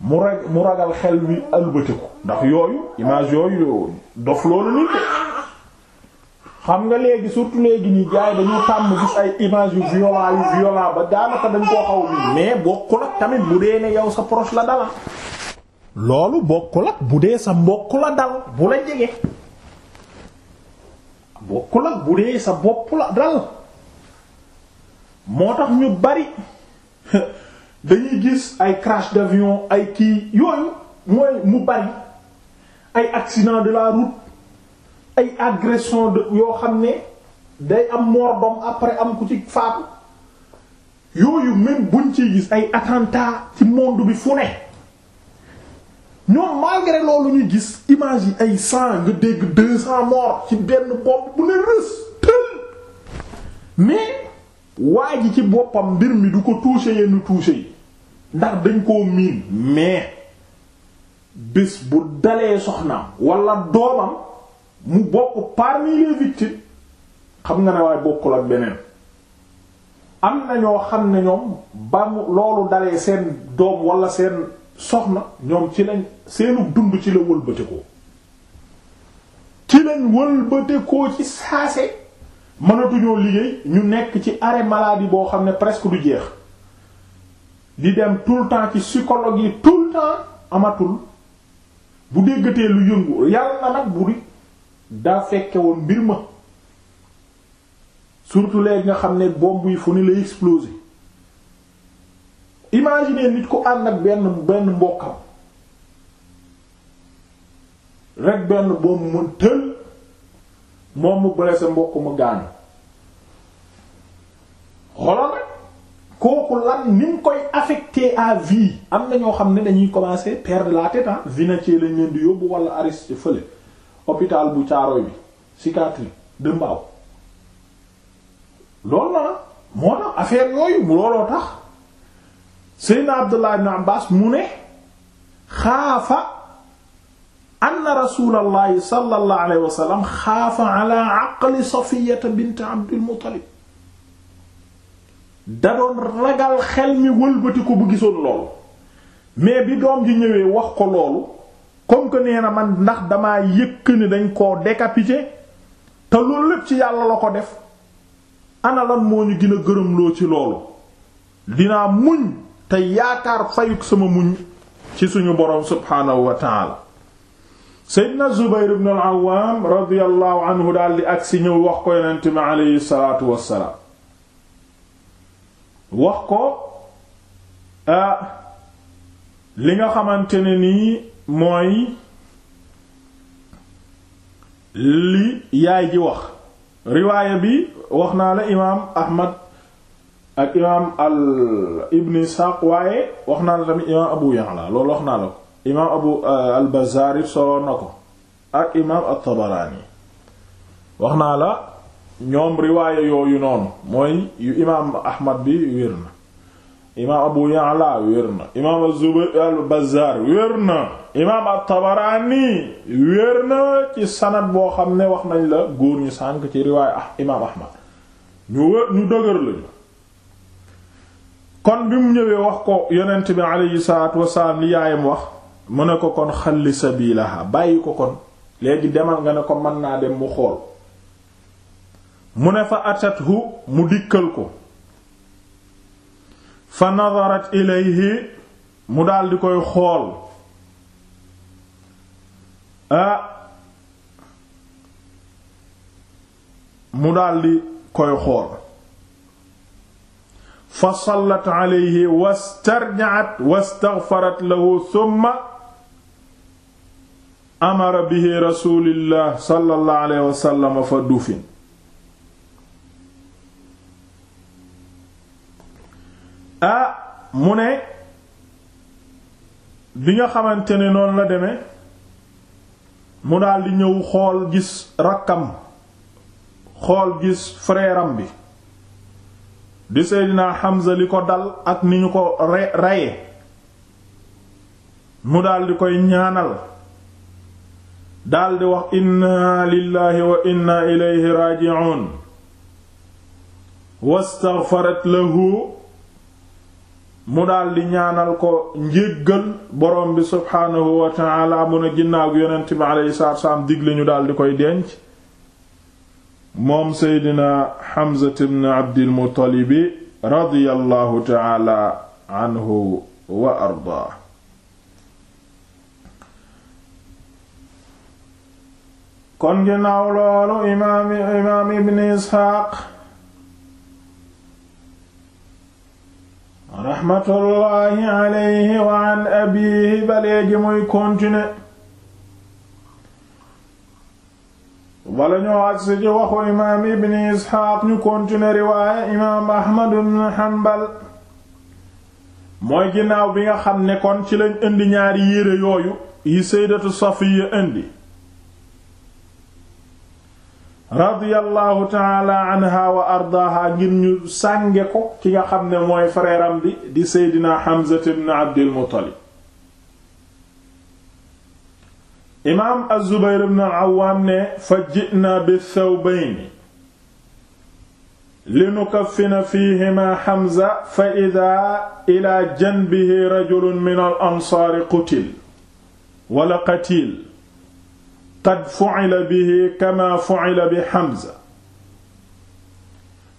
mu rag mu ragal xel wi albatiku ndax yooyu image yooyu dof loolu nit xam nga léegi surtout léegi nii gars yi dañoo tàmm gis ay image yu violent yu violent ba daanaka dañ koo xaw bi mais bokkul ak tamit bu dee ne yow sa proche la dala loolu bokkul ak bu dee sa mbokk la dal bu la jege bokkul ak bu dee sa bopp la dal moo tax ñu bari dañuy gis ay crash d'avion ay kii yooyu mooy mu bari ay accident de la route ay agression de yoo xam ne day am mort après am ku ci faatu yooyu même buñ ciy gis ay attentat ci monde bi fu ne ñoom malgré loolu ñuy gis image yi ay cent nga dégg deux cent morts ci benn bopp bu ne rës tël mais waa ji ci boppam mbir mi du ko touché yenn touché yi ndax dañ koo miin mais bés bu dalee soxnaam wala doomam mu bokk parmi les xam nga ne waaye bokkul ak beneen am na ñoo xam ne ñoom ba mu loolu dalee seen doom wala seen soxna ñoom ci lañ seenu dund ci la wëlbatekoo ci lañ wëlbatekoo ci saase mënatuñoo liggéey ñu nekk ci arrêt maladie boo xam ne presque du jeex di dem tout le temps ci psychologue yi tout le amatul bu déggatee lu yëngu yàlla na nag bu di daa fekke woon mbir ma surtout léegi nga xam ne bomb yi fu ni la exploser imagine nit ku ànd ak benn benn mbokkam rek benn boobu mu tël moom mu blessé mbokk mu gaañ xoolal nag kooku lan ni koy affecté à v am na ñoo xam ne dañuy commencer perdre la tête Vinatier lañ leen di yóbbu wala Ariste fële hôpital bu Caaroy bi psychiatrie de Mbao loolu na moo tax affaire yooyu looloo tax seydna abdullah ibn abbas mu ne xaafa anna rasulallahi sallallahu alayhi wa sallam xaafa ala aqli safiyata bint abdul muttalib da doon ragal xel mi wëlbati bu gisoon loolu mais bi doom ji ñëwee wax ko loolu comme que nee na man ndax dama yëkk ni dañ koo décapité te loolu lépp ci yàlla la ko def ana moo ñu gën a gërëmloo ci loolu dinaa muñ te yaakaar fayuk sama muñ ci suñu boroom subhaanahu wa taala seydna zubayr ibn al-awwaam radiyallahu anhu daal di agsi ñëw wax ko yonent mi wax ko ah li nga xamante ne nii mooy li yaay ji wax riwaaya bi wax naa la imaam ahmad ak imaam al ibn Isaaq waaye wax naa la tamit imaam Abu Ya'la loolu wax naa la ko imaam Abu euh, al Bazzaar soloon na ko ak imaam at-Tabaraani wax naa la ñoom riwaaye yooyu noonu mooy yu imaam Ahmad bi wér na imaam Abu Ya'la wér na imaam az-Zubayr al-Bazzaar wér na imaam at-Tabaraani wér na ci sanad boo xam ne wax nañ la góor ñu sànk ci riwaaye ah imaam Ahmad ñu wér ñu dëgër lañu kon bi mu ñëwee wax ko yonent bi aleyhi salaatu wasalaam li yaayam wax mu ne ko kon xalli sabilaha bàyyi ko kon léegi demal nga ne ko mën naa dem mu xool mu ne fa atathu mu dikkal ko fa nadarat ilayhi mu daldi koy xool ah mu daldi koy xool fa sallat alayhi wastarjaat wastaghfarat lahu thumma amara bi rasulillah sallallahu alayhi wasallam fa dufin ah mu ne bi nga xamante ne noonu la deme mu daldi ñëw xool gis rakkam xool gis frère bi di Seydina Hamza li ko dal ak ni ñu ko re mu daldi koy ñaanal daldi wax inna lillahi wa inna ilayhi raji'un wastaghfarat lahu mu daldi ñaanal ko njéggal borom bi subhaanahu wa ta'ala mun a ginnaaw yonent bi alayhi salaam digle ñu daldi koy denc moom seydina Hamza ibn Abdil Muttalib radiyallahu ta'ala anhu wa ardaa kon ginnaaw loolu imaam imaam ibn Isxaaq raxmatullaahi alayhi wa an abiihi ba léegi muy continuer wala ñoo agsi ci waxu imaam ibn isxaaq ñu continuer riwaaya imaam ahmad ibn hanbal mooy ginnaaw bi nga xam ne kon ci lañ indi ñaari yére yooyu yi seydatu safiya indi radiyallahu taala anha wa ardaaha ngir ñu sànge ko ki nga xam ne mooy frère bi di seydina hamza ibn abdil muttalib imaam az-Zubayr ibn al-Awwam ne fa ji'na bi thawbayni linukaffina fiihimaa Hamza fa idhaa ilaa janbihi rajulun min al-ansaari qutil wala qatil qad fu'ila bihi kamaa fu'ila bi Hamza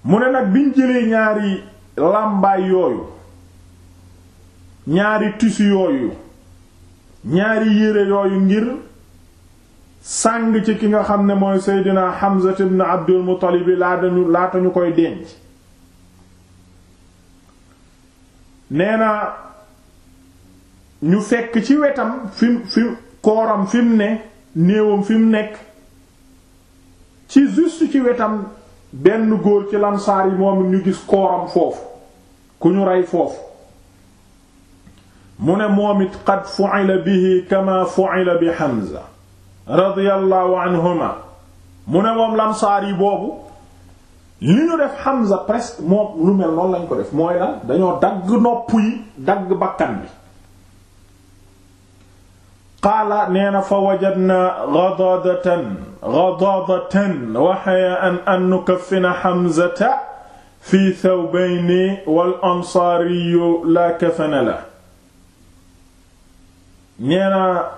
mu ne nag biñ ñaari làmbaay yooyu ñaari tissu yooyu ñaari yére yooyu ngir sàng ci ki nga xam ne mooy Seydina Hamza ibn Abdul Muttalib laata ñu laata ñu koy denc nee ñu fekk ci wetam fi fi kooram fi ne néewam fi nekk ci juste ci wetam benn góor ci lansaar yi moom ñu gis kooram foofu ku ñu rey foofu mu ne moom it qad fu'ila bihi kama fu'ila bi Hamza radiyallahu anhuma mu ne moom lamsaar yi boobu li ñu def Hamza presque moom lu mel noonu lañ ko def mooy lan dañoo dagg nopp yi dagg bakkan bi qaala nee na fa wajadna ghadadatan ghadadatan wa hayaan an nukaffina Hamzata fi thawbayni wal ansaariyu la kafana la nee na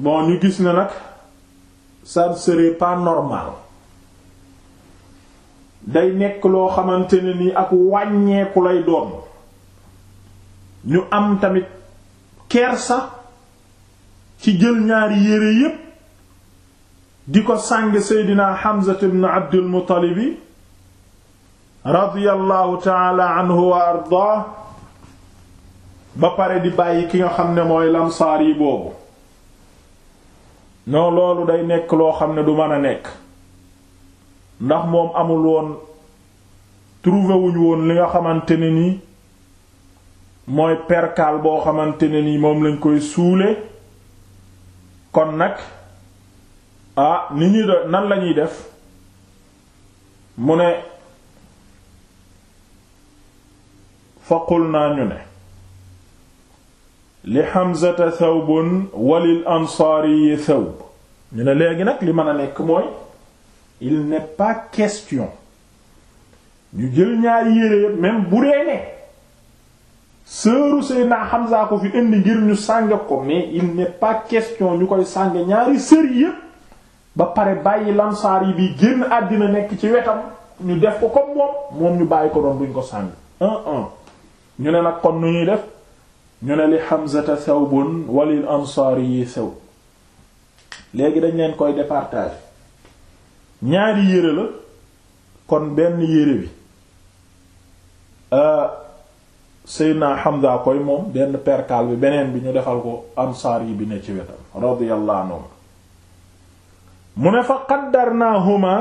bon ñu gis na nag ça ne serait day nekk loo xamante ne ni ak wàññeeku lay doom ñu am tamit kersa ci jël ñaari yére yépp di ko sàng seydina Hamza ibn Abdul Muttalib radiyallahu taala anhu wa ardaa ba pare di bàyyi ki nga xam ne mooy lamsaar boobu non loolu day nekk loo xam ne du mën a nekk ndax moom amul woon trouvé woon li nga xamante ne ni mooy percale boo xamante ne ni moom lañ koy suule kon nag ah ni ñuy de nan la ñuy def mu ne foqul naa ñu ne li Hamzata thawbun walil ansaari thawb ñu ne léegi nag li mën a nekk mooy il n'est pas question ñu jël ñaari yére yépp même bu dee ne sëru Seydina Hamza ko fi indi ngir ñu sànge ko mais il n'est pas question ñu koy sàngee ñaari sër yépp ba pare bàyyi lansaar yi bi génn àddina nekk ci wetam ñu def ko comme moom moom ñu bàyyi ko doon duñ ko sànge un un ñu ne nag kon nu ñuy def ñu ne li Hamzata thawbun walil ansaari yi sew léegi dañ leen koy départage ñaari yére la kon benn yére bi euh, Seydina Hamza koy moom benn perkaal bi beneen bi ñu defal ko ansaar yi bi ne ci wetam radiyallahu anhum mu ne fa qaddarnaahuma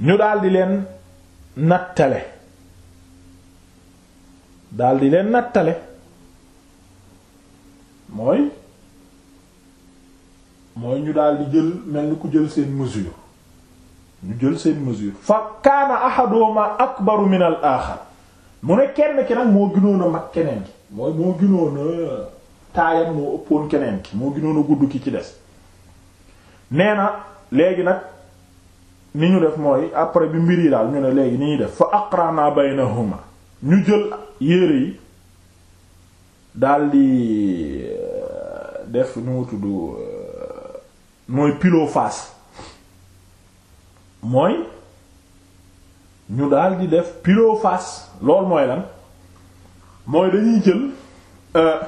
ñu daldi leen nattale daal di leen nattale mooy mooy ñu daal di jël mel ni ku jël seen mesure ñu jël seen mesure fa kaana ahaduhuma akbaru min al axar mu ne kenn ki nag moo gënoon mag keneen ki mooy moo gënoon a taayam moo ëppoon keneen ki moo gënoon gudd ki ci des nee na léegi nag ni ñu def mooy après bi mbir yi daal ñu ne léegi ni ñuy def fa aqrana baynahuma ñu jël yére yi daldi euh, def ñu tudd euh, mooy pilo face mooy ñu daldi def pilo face loolu mooy lan mooy dañuy jël euh,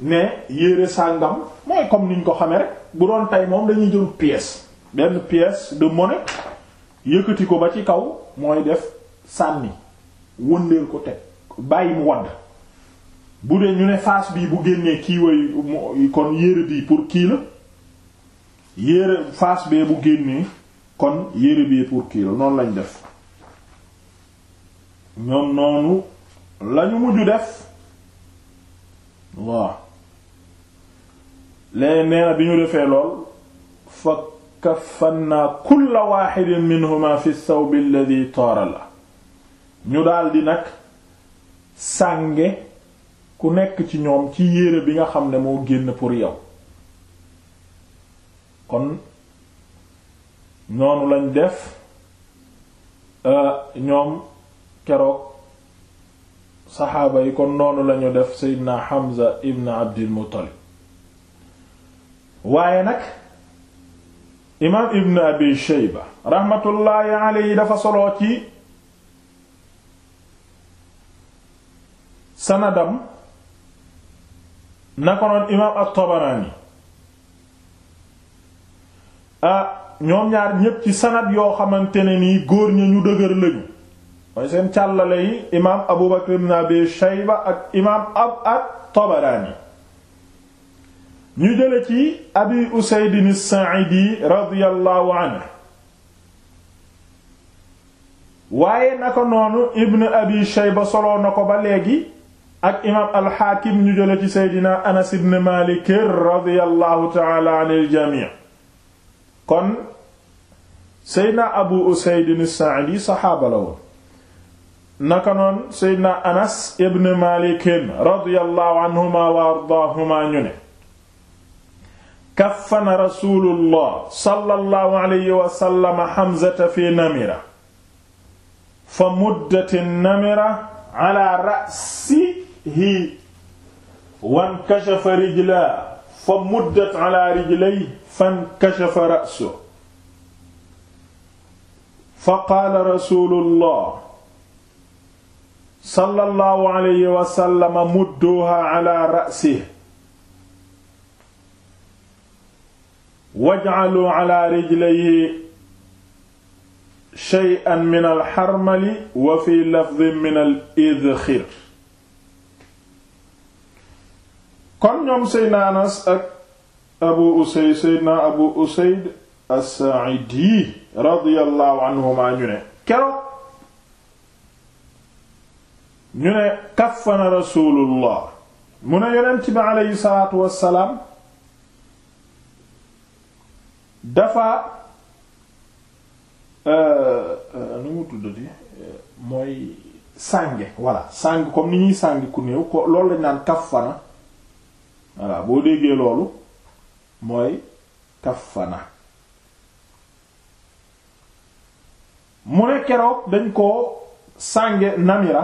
ne yére sàngam mooy comme niñ ko xamee rek bu doon tey moom dañuy jël pièce benn pièce de monnaie yëkkati ko ba ci kaw mooy def sànni wëndeel ko teg bàyyi mu wadd bu dee ñu ne face bi bu génnee kiiway kon yére bi pour kii la yére face bee bu génnee kon yére bii pour kii la noonu lañ def ñoom noonu lañu mujj def waaw léegi nee na bi ñu defee lool fa kafanna kulla wahidin minhuma fi thawb alladhi ñu daldi nag sànge ku nekk ci ñoom ci yére bi nga xam ne moo génn pour yow kon noonu lañ def euh, ñoom keroog saxaaba yi kon noonu lañu def Seydina Hamza ibn Abdil Muttalib waaye nag imaam Ibn Abi Shayba raxmatullaahi alayhi dafa solo ci sanadam na ko noon imaam at-Tabarani ñoom ñaar ñépp ci sanad yoo xamante ni góor ña ñu dëgër lañu mooy seen càllale yi imaam Abu Bakr ibn Abi Shayba ak imaam ab at-Tabarani ñu jële ci Abi Usayd as-Sa'idi radiyallahu anhu waaye naka noonu ibn Abi Shayba soloo ko ba léegi ak imaam alxaakim ñu jële ci seydina anas ibn malik radiyallahu taala an aljamii kon seydina abu usaydin as-saadi saxaaba la woon naka noon seydina anas ibn malik radiyallahu anhuma wa ardaahuma ñu ne kaffana rasulullah sallallahu alayhi wa sallam hamzata fi namira fa muddat an-namira ala ra'si hi wankashafa rijla fa muddat ala rijlay fankashafa ra'su fa qaala rasulullah sallallahu alayhi wa sallam mudduha ala ra'sihi waj'alu ala rijlihi shay'an min al-harmali wa fi lafdhin min al-idkhir kon ñoom seydna anas ak abu usayd seydna abu usayd as-sa'idi radiyallahu anhuma ñu ne keroog ñu ne kaffana rasulullah mu ne yonent bi aleyhi salaatu wassalaam dafa euh, euh, nu mu tuddati mooy sànge voilà sàng comme ni ñuy sàng ku néew loolu lañ naan kaffana voilà boo déggee loolu mooy kafana mu ne keroog dañ ko sànge namira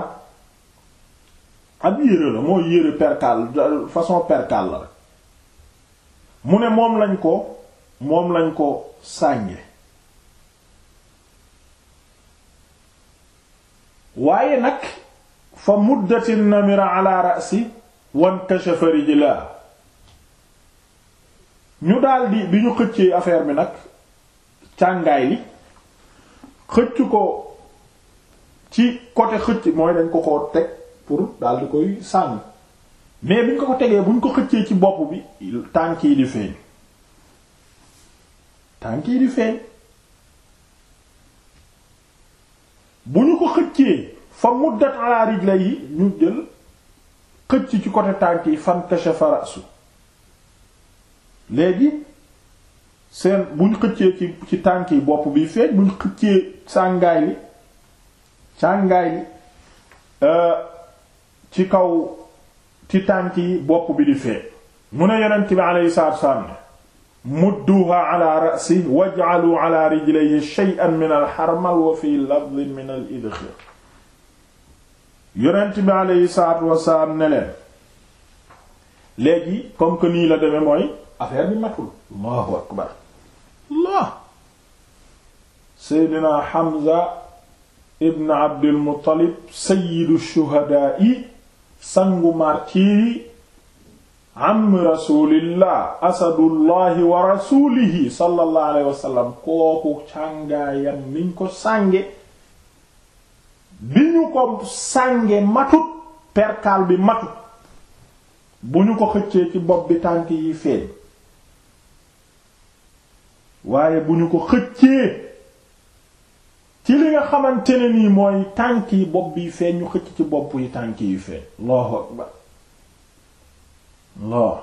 ab yére la mooy yére percale façon percale la mu ne moom lañ ko moom lañ ko sànge waaye nag fa muddatin namira ala ra'si wan kashafa rijlaa ñu daldi bi ñu xëccee affaire bi nag càngaay li xëcc ko ci côté xëcc mooy dañ ko ko teg pour daldi koy sànni mais bi ñu ko ko tegee bu ñu ko xëccee ci bopp bi tànk yi di feeñ tànk di feeñ bu ñu ko xëccee fa muddat ala rijla yi ñu jël xëcc ci côté tànk yi fan kashafa léegi seen buñ xëccee ci tànk yi bopp bi feeñ buñ xëccee sàngaay li sàngaay li euh, ci kaw ci tànk yi bopp bi di feeñ mu ne yonent bi alayhi salaatu wassalaam ne mudduha ala ra'si waj'alu ala rijlihi min al-harmal wa fi lafdhin min al-idkhir yonent bi alayhi salaatu wassalaam ne leen léegi comme que nii la demee mooy affaire bi matul allahu akbar allah seydina Hamza ibn Abdul Muttalib sayyidu shuhadaa'i sangu martiri am rasulillah asadullahi wa rasulihi sallallahu wa sallam kooku càngaayam niñ ko sànge bi ñu ko sànge matut perkaal bi matut bu ñu ko xëccee ci bopp bi tànk yi feeñ waaye bu ñu ko xëccee ci li nga xamante ne nii mooy tànk yi bopp yi feeñ ñu xëcc ci bopp yi tànk yi fee allahu akbar allah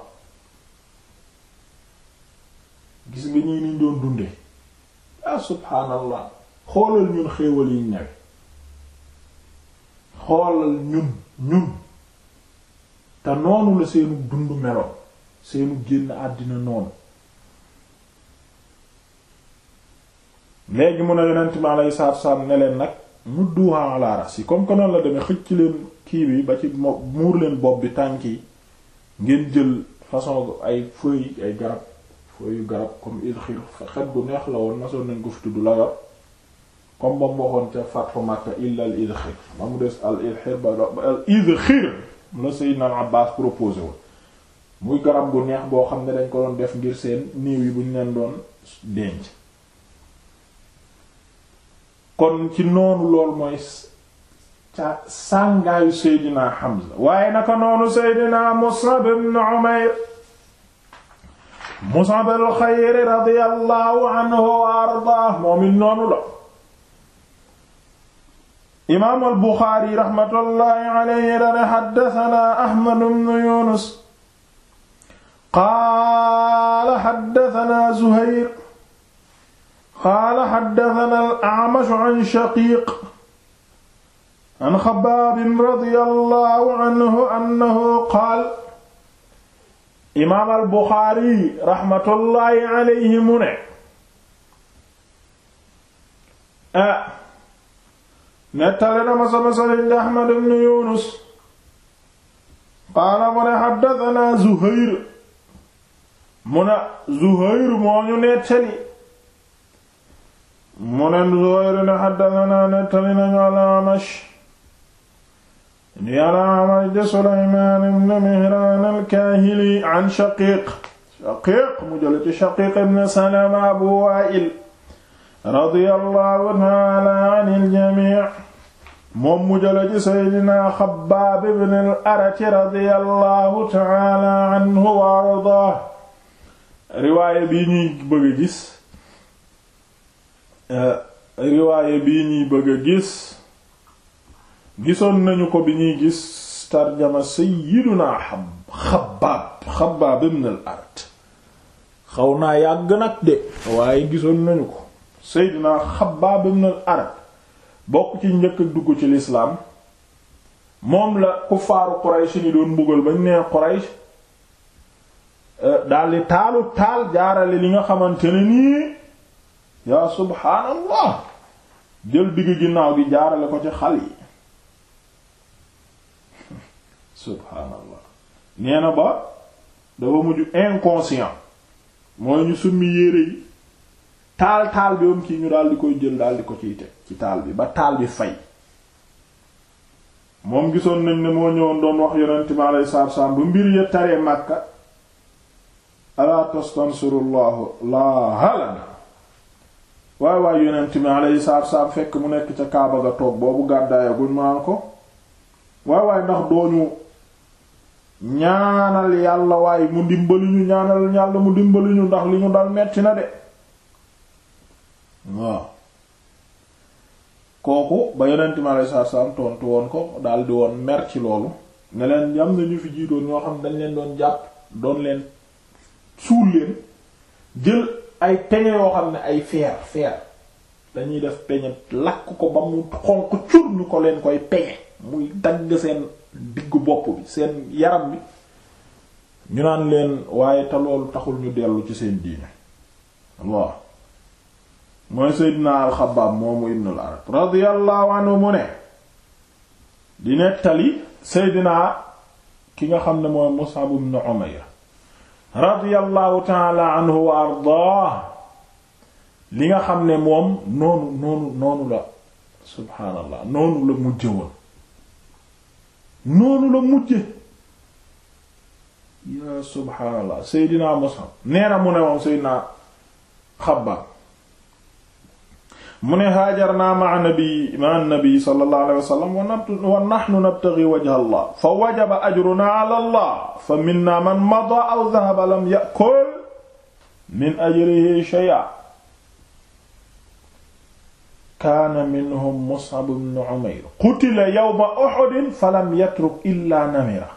gis nga ñii niñ doon dunde ah subhaanallah xoolal ñun xéewal yi ñawe xoolal ñun ñun te noonu la seenu dund melo seenu génn àddina noonu léegi mun a yonent mi alayhi salaatu salaam ne leen nag mudduha ala si comme que noonu la demee xëcc leen kii bi ba ci muur leen bopp bi tànk yi ngeen jël façon ay feuilles ay garab feuilles yu garab comme idxir xet bu neex la woon masoon nañ ko fi tudd la comme ba mu waxoon ca fatxu Makka illa al idxir ba mu des al ba al idxir la Sayyidna Abbaas proposé woon muy garab gu neex boo xam ne dañ ko def ngir seen néew yi bu ñu leen doon denc kon ci noonu lool mooy ca sàngaayu seydina Hamza waaye naka noonu seydina Mus'ab ibn Umayr Mus'ab al-Xayr radiyallahu anhu wa ardaah moom it noonu la imaam al-Buxaari raxmatullaahi alayhi dana xaddasanaa Ahmad ibn Yunus qaala xaddasanaa Zuhayr qaala xaddatanaa al-A'mash an Shaqiiq an Xabbaab radiyallaahu anhu annahu qaala imaam al-Buxaari raxmatullaahi alayhi mu ne ah nettale na ma sama sëriñ Ahmad ibn Yunus qaala mu ne xaddatanaa Zuhayr mu ne Zuhayr moo ñu nettali mu ne Zuhayr ne xaddasanaa nettali nañu al-Amash ni al-Amash de Sulaymaan ibn Mihraan al-Kaahili an Shaqiiq Shaqiiq mu jële ci Shaqiiq ibn Salama Abu Waa'il radiyallahu ta'aala anil jamii' moom mu jële ci Seydina Xabbaab ibn al-Arat radiyallahu ta'aala anhu wa ardaahu riwaaya bi ñuy bëgg gis Eh, riwaaye bii ñuy bëgg a gis gisoon nañu ko bi ñuy gis tarjama sayyiduna xabbaab xabbaab ibn al ard xaw naa yàgg nag de waaye gisoon nañu ko sayyiduna xabbaab ibn al ard bokk ci njëkk dugg ci lislaam moom la kuffaaru Quraysh ni doon mbugal bañ nee Quraysh eh, daldi taalu taal jaarale li nga xamante ne nii yaa subhaanallah jël digg ginnaaw gi jaarale ko ci xal yi subhaanallah nee na ba dafa mujj inconscient mooy ñu summi yére yi taal taal bi am kii ñu daal di koy jël daal di ko ciy teg ci taal bi ba taal bi fay moom gisoon nañ ne moo ñëwoon doon wax yonent mi alayhi salaatu salaam bu mbir ya taree Makka alaa laa halana waaye waaye yonent bi alayhi salaatu salaam fekk mu nekk ca Kaaba ga toog boobu gàddaaya guñ ko waaye waaye ndax dooñu ñaanal yàlla waaye mu dimbali ñu ñaanal yàlla mu dimbali ñu ndax li ñu dal metti na de waaw kooku ba yonent bi alayhi salaatu salaam tontu woon ko daldi woon mer ci loolu ne na ñu fi jiitoon ñoo xam dañ leen doon jàpp doon leen suul leen jël ay peñe yoo xam ne ay feer feer dañuy def peñe lakk ko ba mu xonq cur ñu ko leen koy peñe muy dagg seen diggu bopp bi seen yaram bi ñu naan leen waaye te loolu taxul ñu dellu ci seen diine waaw mooy Seydina Al-Xabbaab moomu ibn al-Arab radiyallahu anhu mu ne di nettali Seydina ki nga xam ne mooy Mus'ab ibn Umayr radiyallahu taala anhu wa ardaa li nga xam ne moom noonu noonu noonu la subhaanallah noonu la mujje woon noonu la mujje yaa subhaanallah seydinaa Mus'ab nee na mu ne moom seydinaa Xabbaab mu ne haajarnaa ma'a nabi ma'a nabi sallallahu alayhi wa sallam wa nahnu nabtaghi wajha Allah fa wajaba ajrunaa 'ala Allah fa minnaa man madaa aw dhahaba lam ya'kul min ajrihi shay'an kaana minhum Mus'ab ibn Umayr qutila yawma Uhud falam yatruk illaa namira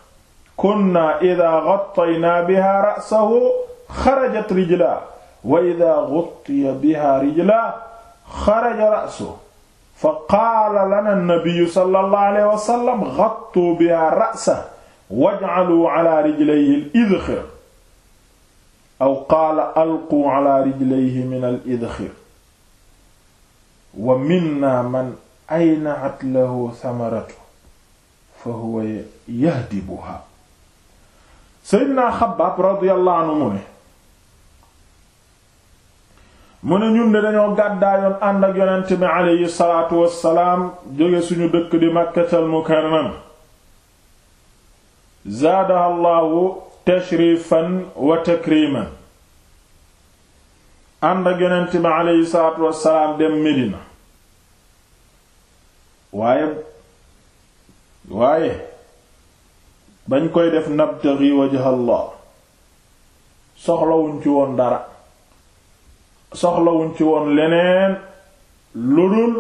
kunna idhaa ghattaynaa bihaa ra'sahu xarajat rijluhu wa idhaa ghuttiya bihaa rijluhu xaraja ra'su fa qaala lana nabiyu sallallahu alayhi wa sallam ghattu biha ra'sahu waj'alu ala rijlayhi al-idkhir aw qaala alqu ala rijlayhi min al-idkhir wa minna man ayna'at lahu thamaratu fa huwa yahdibuha sayyidina Xabbaab radiyallahu anhu mu ne ñun de dañoo gàddaayoon ànd ak yonent bi aleyhi salaatu wassalaam jóge suñu dëkk di makkatal mukarram zaadaha allahu tashrifan wa takriman ànd ak yonent bi aleyhi salaatu wassalaam dem Medina waaye waaye bañ koy def nabtaghi wajha allah soxlawuñ ci woon dara soxlawuñ ci woon leneen lu dul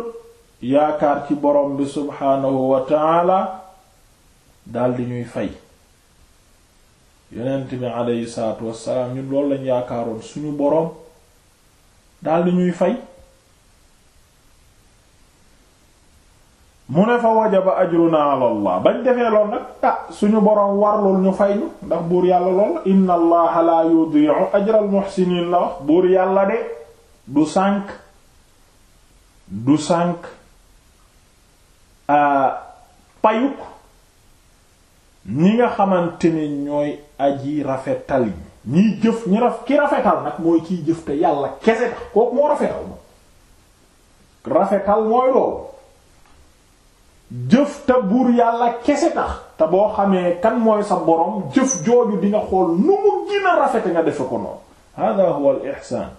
yaakaar ci borom bi subhaanahu wa taala daldi ñuy fay yonent bi aleyhi salaatu wassalaam ñun loolu lañ yaakaaroon suñu boroom daldi ñuy fay mu ne fa wajaba ajruna ala allah bañ defee lool nag ah suñu boroom warlul ñu fay ndax buur yàlla lool inna allaha la yudi'u ajral muhsinin la wax buur yàlla de du sànk du sànk payuk ñi nga xamante ne ñooy aji rafetal yi ñiy jëf ñi raf ki rafetal nag mooy kiy jëf te yàlla kese tax kooku moo rafetal moom rafetal mooy loolu jëf te buur yàlla kese tax te boo xamee kan mooy sa borom jëf jooju di nga xool nu mu gën a rafete nga defe ko noonu hada huwa al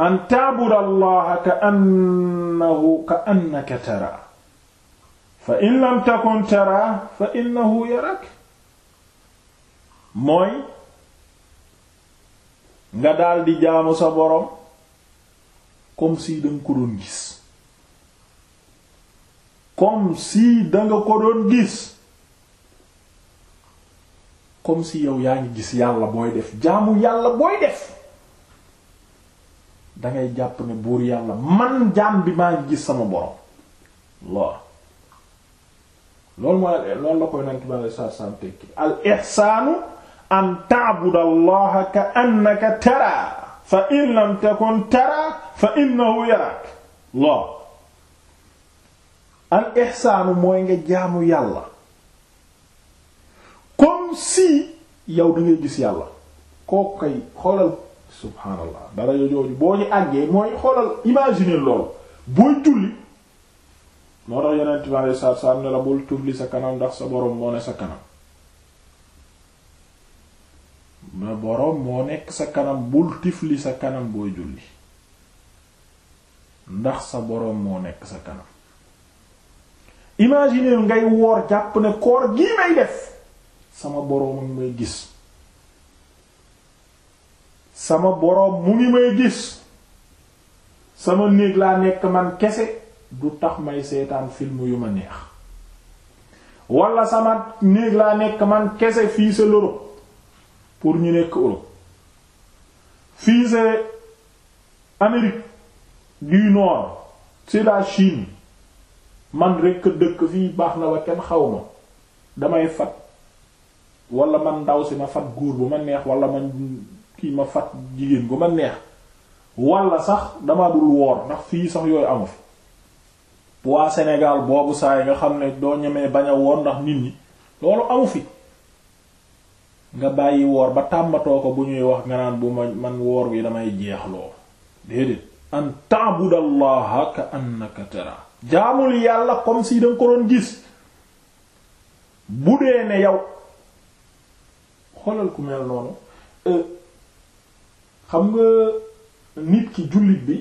an ta'buda allaha ka'annahu ka'annaka tara fa in lam takun tara fa innahu yarak mooy nga daldi jaamu sa boroom comme si danga ko doon gis comme si danga ko doon gis comme si yow yaa ngi gis yàlla booy def jaamu yàlla booy def dangay jàpp ne buur yàlla man jaam bi maa ngi gis sama borom lool loolu mooy loolu la koy nanti ba nga saar saam tekki al ihsaanu an ta'budallaha ka annaka taraa fa in lam takun taraa fa innahu yaraak lool al ihsaanu mooy nga jaamu yàlla comme si yow dangay gis yàlla kooku kay xoolal subhaanallah dara jooju boo ñu àggee mooy xoolal imaginer lool booy julli moo tax yeneen timaare saar saar ne la bul sa kanam ndax sa boroom moo sa kanam ma boroom sa kanam bul tifli sa kanam booy julli ndax sa boroom moo nekk sa kanam imaginer ngay woor jàpp ne koor gi may def sama boroom ak gis sama boroom mu ngi may gis sama néeg laa nekk man kese du tax may seetaan film yu ma neex walla sama néeg laa nekk man kese fii c'est l'Europe pour ñu nekk Europe fii c'est Amérique du Nord c'est la Chine man rekk dëkk fii baax na ba kenn xaw ma damay fat walla man ndaw si ma fat góor bu ma neex walla man kii ma fat jigéen gu ma neex wala sax dama dul woor ndax fii sax yooyu amu fi waa senegaal boobu saa yi nga xam ne doo ñemee bañ a woor ndax nit ñi loolu amu fi nga bàyyi woor ba tàmbatoo ko bu ñuy wax nga naan bu ma man woor wi damay jeexloo déedéet an ta'budallaha ka annaka tara jaamul yàlla comme si danga ko doon gis bu dee ne yow xoolal ku mel noonu euh, xam nga nit ki jullit bi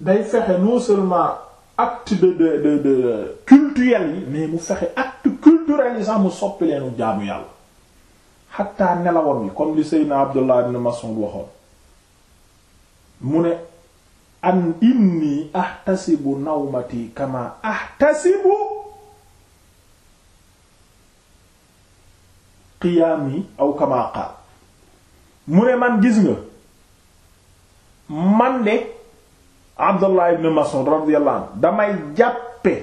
day fexe non seulement acte de de de de culturel yi mais mu fexe acte culturel yi sax mu soppi leenu jaamu yàlla xataa nelawam yi comme li Seydina Abdullah ibn Mas'ud waxoon mu ne an inni ahtasibu nawmati kama ahtasibu qiyaami aw kama qaal mu ne man gis nga man de Abdullah ibn Mas'ud radiyallahu anhu damay jàppe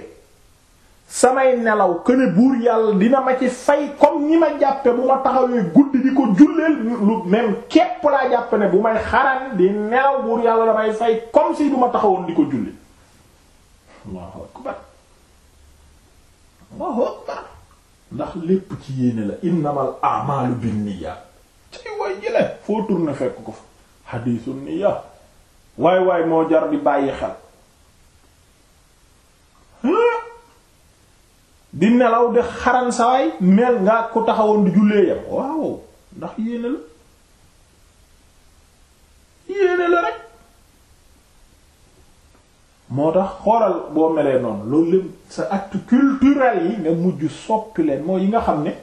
samay nelaw këne buur yàlla dina ma ci fay comme ñi ma jàppe bu ma taxawee guddi di ko julleel lu même képp laa jàppe ne bu may xaran di nelaw buur yàlla damay fay comme si bu ma taxawoon di ko julli ndax lépp ci yéene la innamal a'malu binniyat ci way jële foo tourner fekk ko fa hadithun niyyah waay waay moo jar di bàyyi xel di nelaw di xaran sawaay mel nga ko taxawoon di jullee yam waaw ndax yéene la yéene la rek moo tax xoolal boo melee noonu loolu lépp sa acte culturel yi nga mujj soppi leen moo yi nga xam ne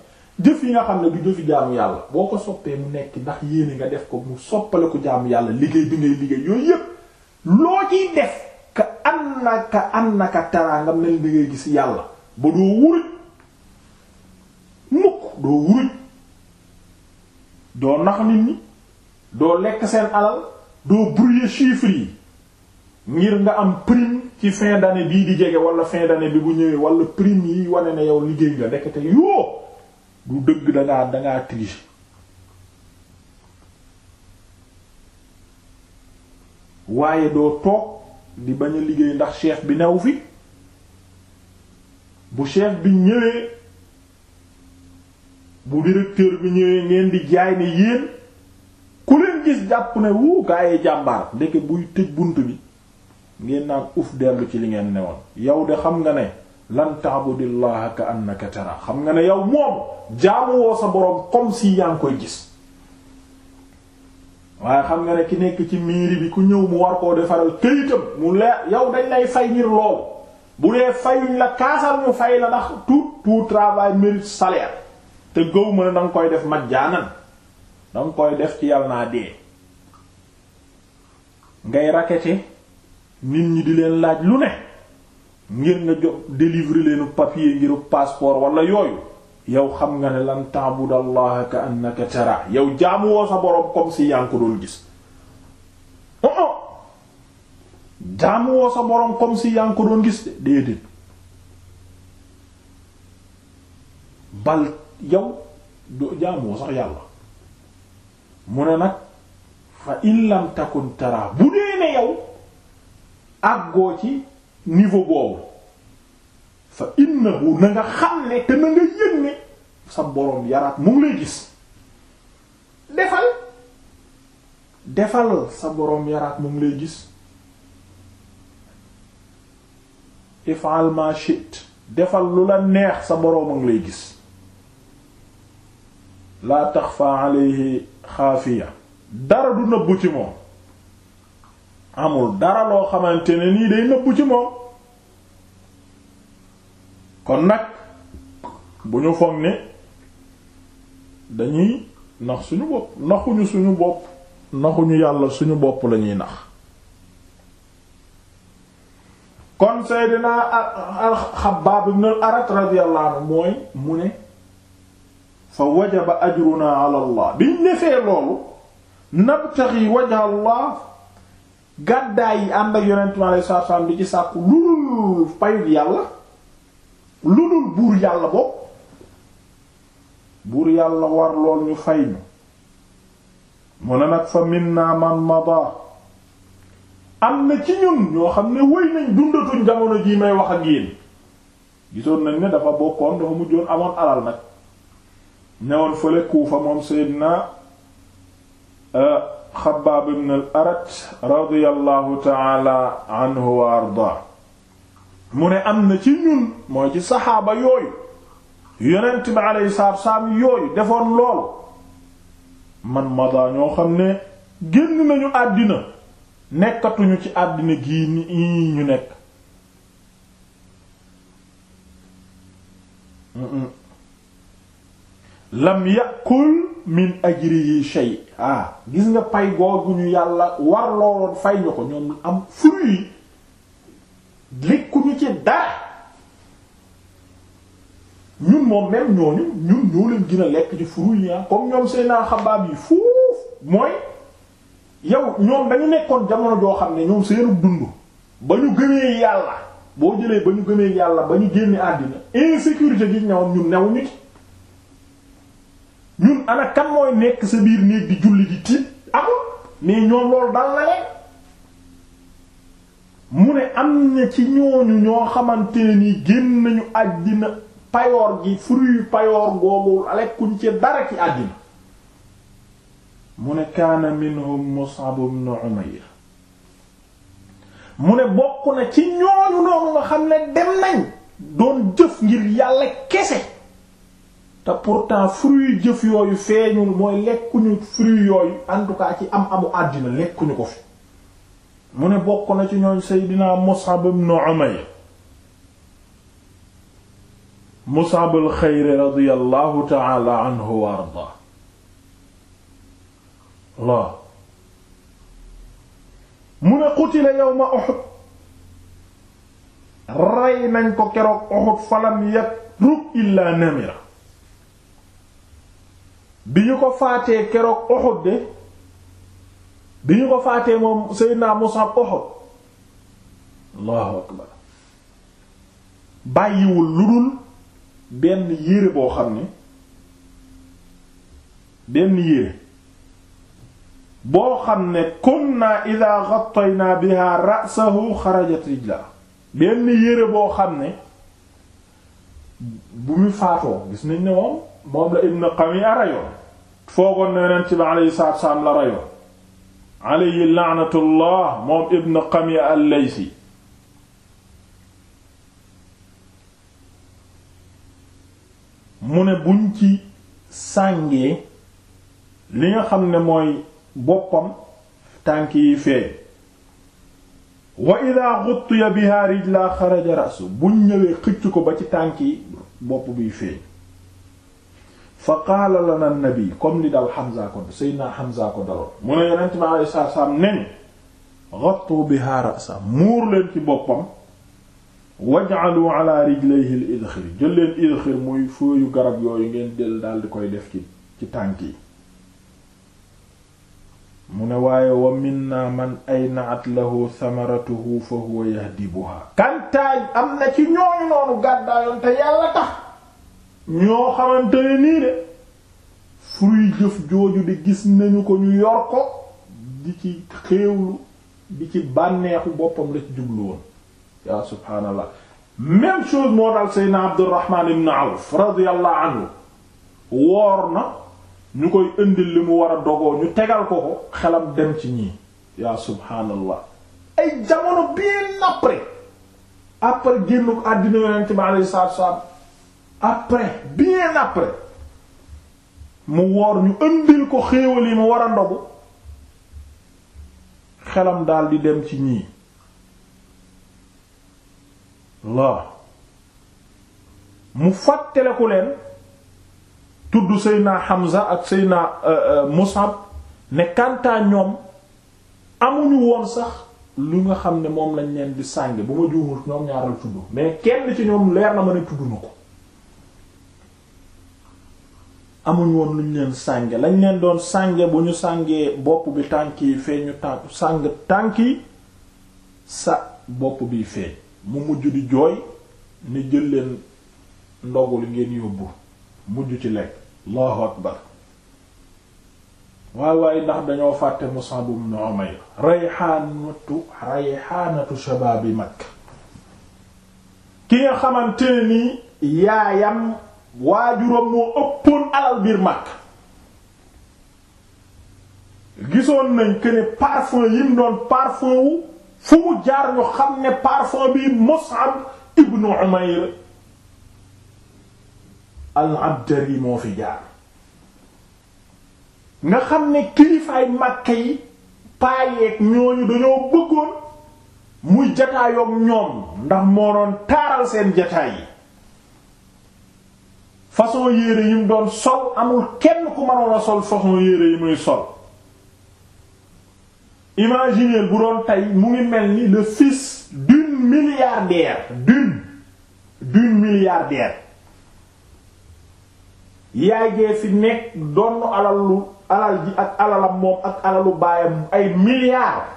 jëf yi nga xam ne du jëfi jaamu yàlla boo ko soppee mu nekk ndax yéene nga def ko mu soppale ko jaamu yàlla liggéey bi ngay liggéey yooyu yépp loo ciy def ka annaka annaka taraa nga mel bi ngay gis yàlla ba doo wuruj mukk doo wuruj doo nax nit ñi doo lekk seen alal doo brouiller chiffres yi ngir nga am prime ci fin d'année bii di jege wala fin d'année bi bu ñëwee wala prime yi wane ne yow liggéey nga ndekete yoo du dëgg dangaa dangaa tricher waaye doo toog di bañ a liggéey ndax chef bi new fi bu chef bi ñëwee bu directeur bi ñëwee ngeen di jaay ne yéen ku leen gis jàpp ne wuu gaa jàmbaar ndeke buy tëj bunt bi ngeen naan uf dellu ci li ngeen newoon yow de xam nga ne lan ta'budillaha ka annaka xam nga ne yow moom jaamuwoo sa boroom comme si yaa ngi koy gis waaye xam nga ne ki nekk ci miiri bi ku ñëw mu war koo defaral këyitam mu leer yow dañ lay fay ngir loolu bu dee fayuñ la kaasal ñu fay la ndax tout tout travail mérite salaire te gëw ma ne danga koy def majjaanan danga koy def ci yàlla naa dee ngay raqueter nit ñi di leen laaj lu ne ngir nga jox délivrer leenu papier ngiru passeport wala yooyu yow xam nga ne lan ta'budallaha ka annaka tara yow jaamu woo sa boroom comme si yaa ngi ko doon gis oo oh, oh. jaamu woo bal yow do jaamuwoo sax yàlla mu ne nag fa in lam takun bu dee ne yow àggoo ci niveau boobu fa innahu na nga xam ne te na nga yëg ne sa boroom yaraat mu ngi lay gis defal defal sa boroom yaraat mu ngi lay gis ifal ma shit defal lu la neex sa boroom a lay gis laa taxfa alayhi xaafiya dara du nëbbu ci moom amul dara loo xamante ne nii day nëbbu ci moom kon nag bu ñu foog ne dañuy nax suñu bopp naxuñu suñu bopp naxuñu yàlla suñu bopp lañuy nax kon Seydina al-Xabbaab ibn al-Arat radiyallahu mooy mu ne fa wajaba ajruna na Allah biñ defee loolu nabtaxi wajha Allah gàddaay yi ànd ak yonent mi alayhi salaatu ci sàkku lu dul payul yàlla lu dul buur yàlla bopp buur yàlla war lool ñu fay ñu mu ne nag fa minna man mada am na ci ñun ñoo xam ne wéy nañ dundatuñ jamono jii may wax ak yéen gisoon nañ ne dafa bokkoon dafa mujjoon amoon alal nag ñëwoon fële Kuufa moom Seydina euh, Xabbaab ibn al-Arat radiyallahu anhu ardaa mu ne am na ci ñun mooy ci saxaaba yooyu yonent bi alayhi salaatu salaam yooyu defoon loolu man mada ñoo xam ne génn nañu àddina nekkatuñu ci àddina gi nii ñu nekk lam yakul min ajrihi shay ah gis nga pay googu ñu yàlla war looloon fay ñu ko ñoom am fruit yi lekkuñu ci dara ñun moom même ñooñu ñun ñoo leen gën a lekk ci fruit yi ah. comme ñoom seen naa xabaab yi fuuf mooy yow ñoom dañu nekkoon jamono joo xam ne ñoom seenu dund ba ñu gëmee yàlla boo jëlee ba ñu gëmee yàlla ba ñu génne àddina insécurité gi ñoom ñun newuñu ci ñun ana mooy nekk sa biir néeg di julli di tiit amul mais ñoom loolu dal na leen mu ne am na ci ñooñu ñoo xamante ni génn nañu àddina payoor gi fruit payoor googu lekkuñ ci dara ci àddina mu ne kaana minhum Mus'ab mu ne bokk na ci ñooñu noonu nga xam ne dem nañ doon jëf ngir yàlla kese te pourtant fruit jëf yooyu feeñul mooy lekkuñu fruit yooyu en tout cas ci am amu àddina lekkuñu ko fi mu ne bokk na ci ñooñ Seydina Mus'ab ibn Umayr Mus'ab al-Xayr nañ ko keroog Uhud falam yatruk illa namira bi ñu ko faatee keroog Uhud de bi ñu ko faatee moom Seydina Musab Uhud allahu akbar bàyyiwul lu dul benn yére boo xam ne benn yére boo xam ne kunna idha ghattayna biha ra'sahu xarajat rijla benn yére boo xam ne bu mu faatoo gis nañ ne moom moom la Ibn Qami'a rayoon foogoon na yonent bi alayhi salaatu salaam la rayoon alayhi la'natullah moom Ibn Qami'a al mu ne buñ ci sàngee li nga xam ne mooy boppam tànk yi feeñ wa ida xuttiya biha rijla xaraja rasu buñ ñëwee xëcc ko ba ci tànk yi bopp bi feeñ fa qaala lana nabi comme li daal Hamza ko Seydina Hamza ko daloon mu ne yonent bi alayhi salaatu salaam nen xattu biha rasa muur leen ci boppam waj'alu ala rijlayhi al jël leen idxir muy fooyu garab yooyu ngeen del daal di koy def ci ci tànk yi mu ne waaye wa minna man ay naat lahu samaratuhu fa huwa yahdibuha kantaaj am na ci ñooñu noonu gàddaayoon te yàlla tax ñoo xamante nii de fruy jëf jooju di gis nañu ko ñu yor ko di ci xéewlu di ci bànneexu boppam la ci jublu woon yaa subhaanallah même chose moo dal seydna abdurrahman ibn awf radiyallahu anhu woor na ñu koy indil li mu war a dogoo ñu tegal ko ko xelam dem ci ñii yaa subhaanallah ay jamono bien après après génnu àddina yonent bi alayhi salaatu salaam après bien après mu woor ñu indil ko xéewal yi mu war a ndogu xelam daal di dem ci ñii la mu fàttaliku leen tudd Seyna Hamza ak Seyna euh, euh, Mus'ab ne kantaa ñoom amuñu woon sax lu nga xam ne moom lañ leen di sànge bu ma juumul ñoom ñaaral tudd mais kenn ci ñoom leer na ma ne tudd na ko amuñ woon luñ leen sànge lañ leen doon sànge bu ñu sàngee bopp bi tànk yi feeñu tànk sàng tànk yi sa bopp bi feeñ mu mujj di jooy ni jël leen ndogul ngeen yóbbu mujj ci lekk allahu akbar waaye waaye ndax dañoo fàtte Mus'ab ibn Umayr rayxaanatu rayxaanatu yi Makka ki nga xamante ni nii yaayam waajuram moo ëppoon alal biir Makka gisoon nañ que parfum yi doon parfum wu fu jaar ñu xam ne parfum bi Mus'ab ibn Umayr al yi moo fi jaar nga xam ne kilifaay Makka yi paayeeg ñooñu dañoo bëggoon muy jataayook ñoom ndax moo doon taaral seen jataay yi façon yére yi mu doon sol amul kenn ku mënoon a sol façon yére yi muy sol imaginez bu doon tey mu ngi mel ni le fils d'une milliardaire d'une d'une milliardaire yaay jee fi nekk donn alal alal ji ak alalam moom ak alalu baayam ay milliards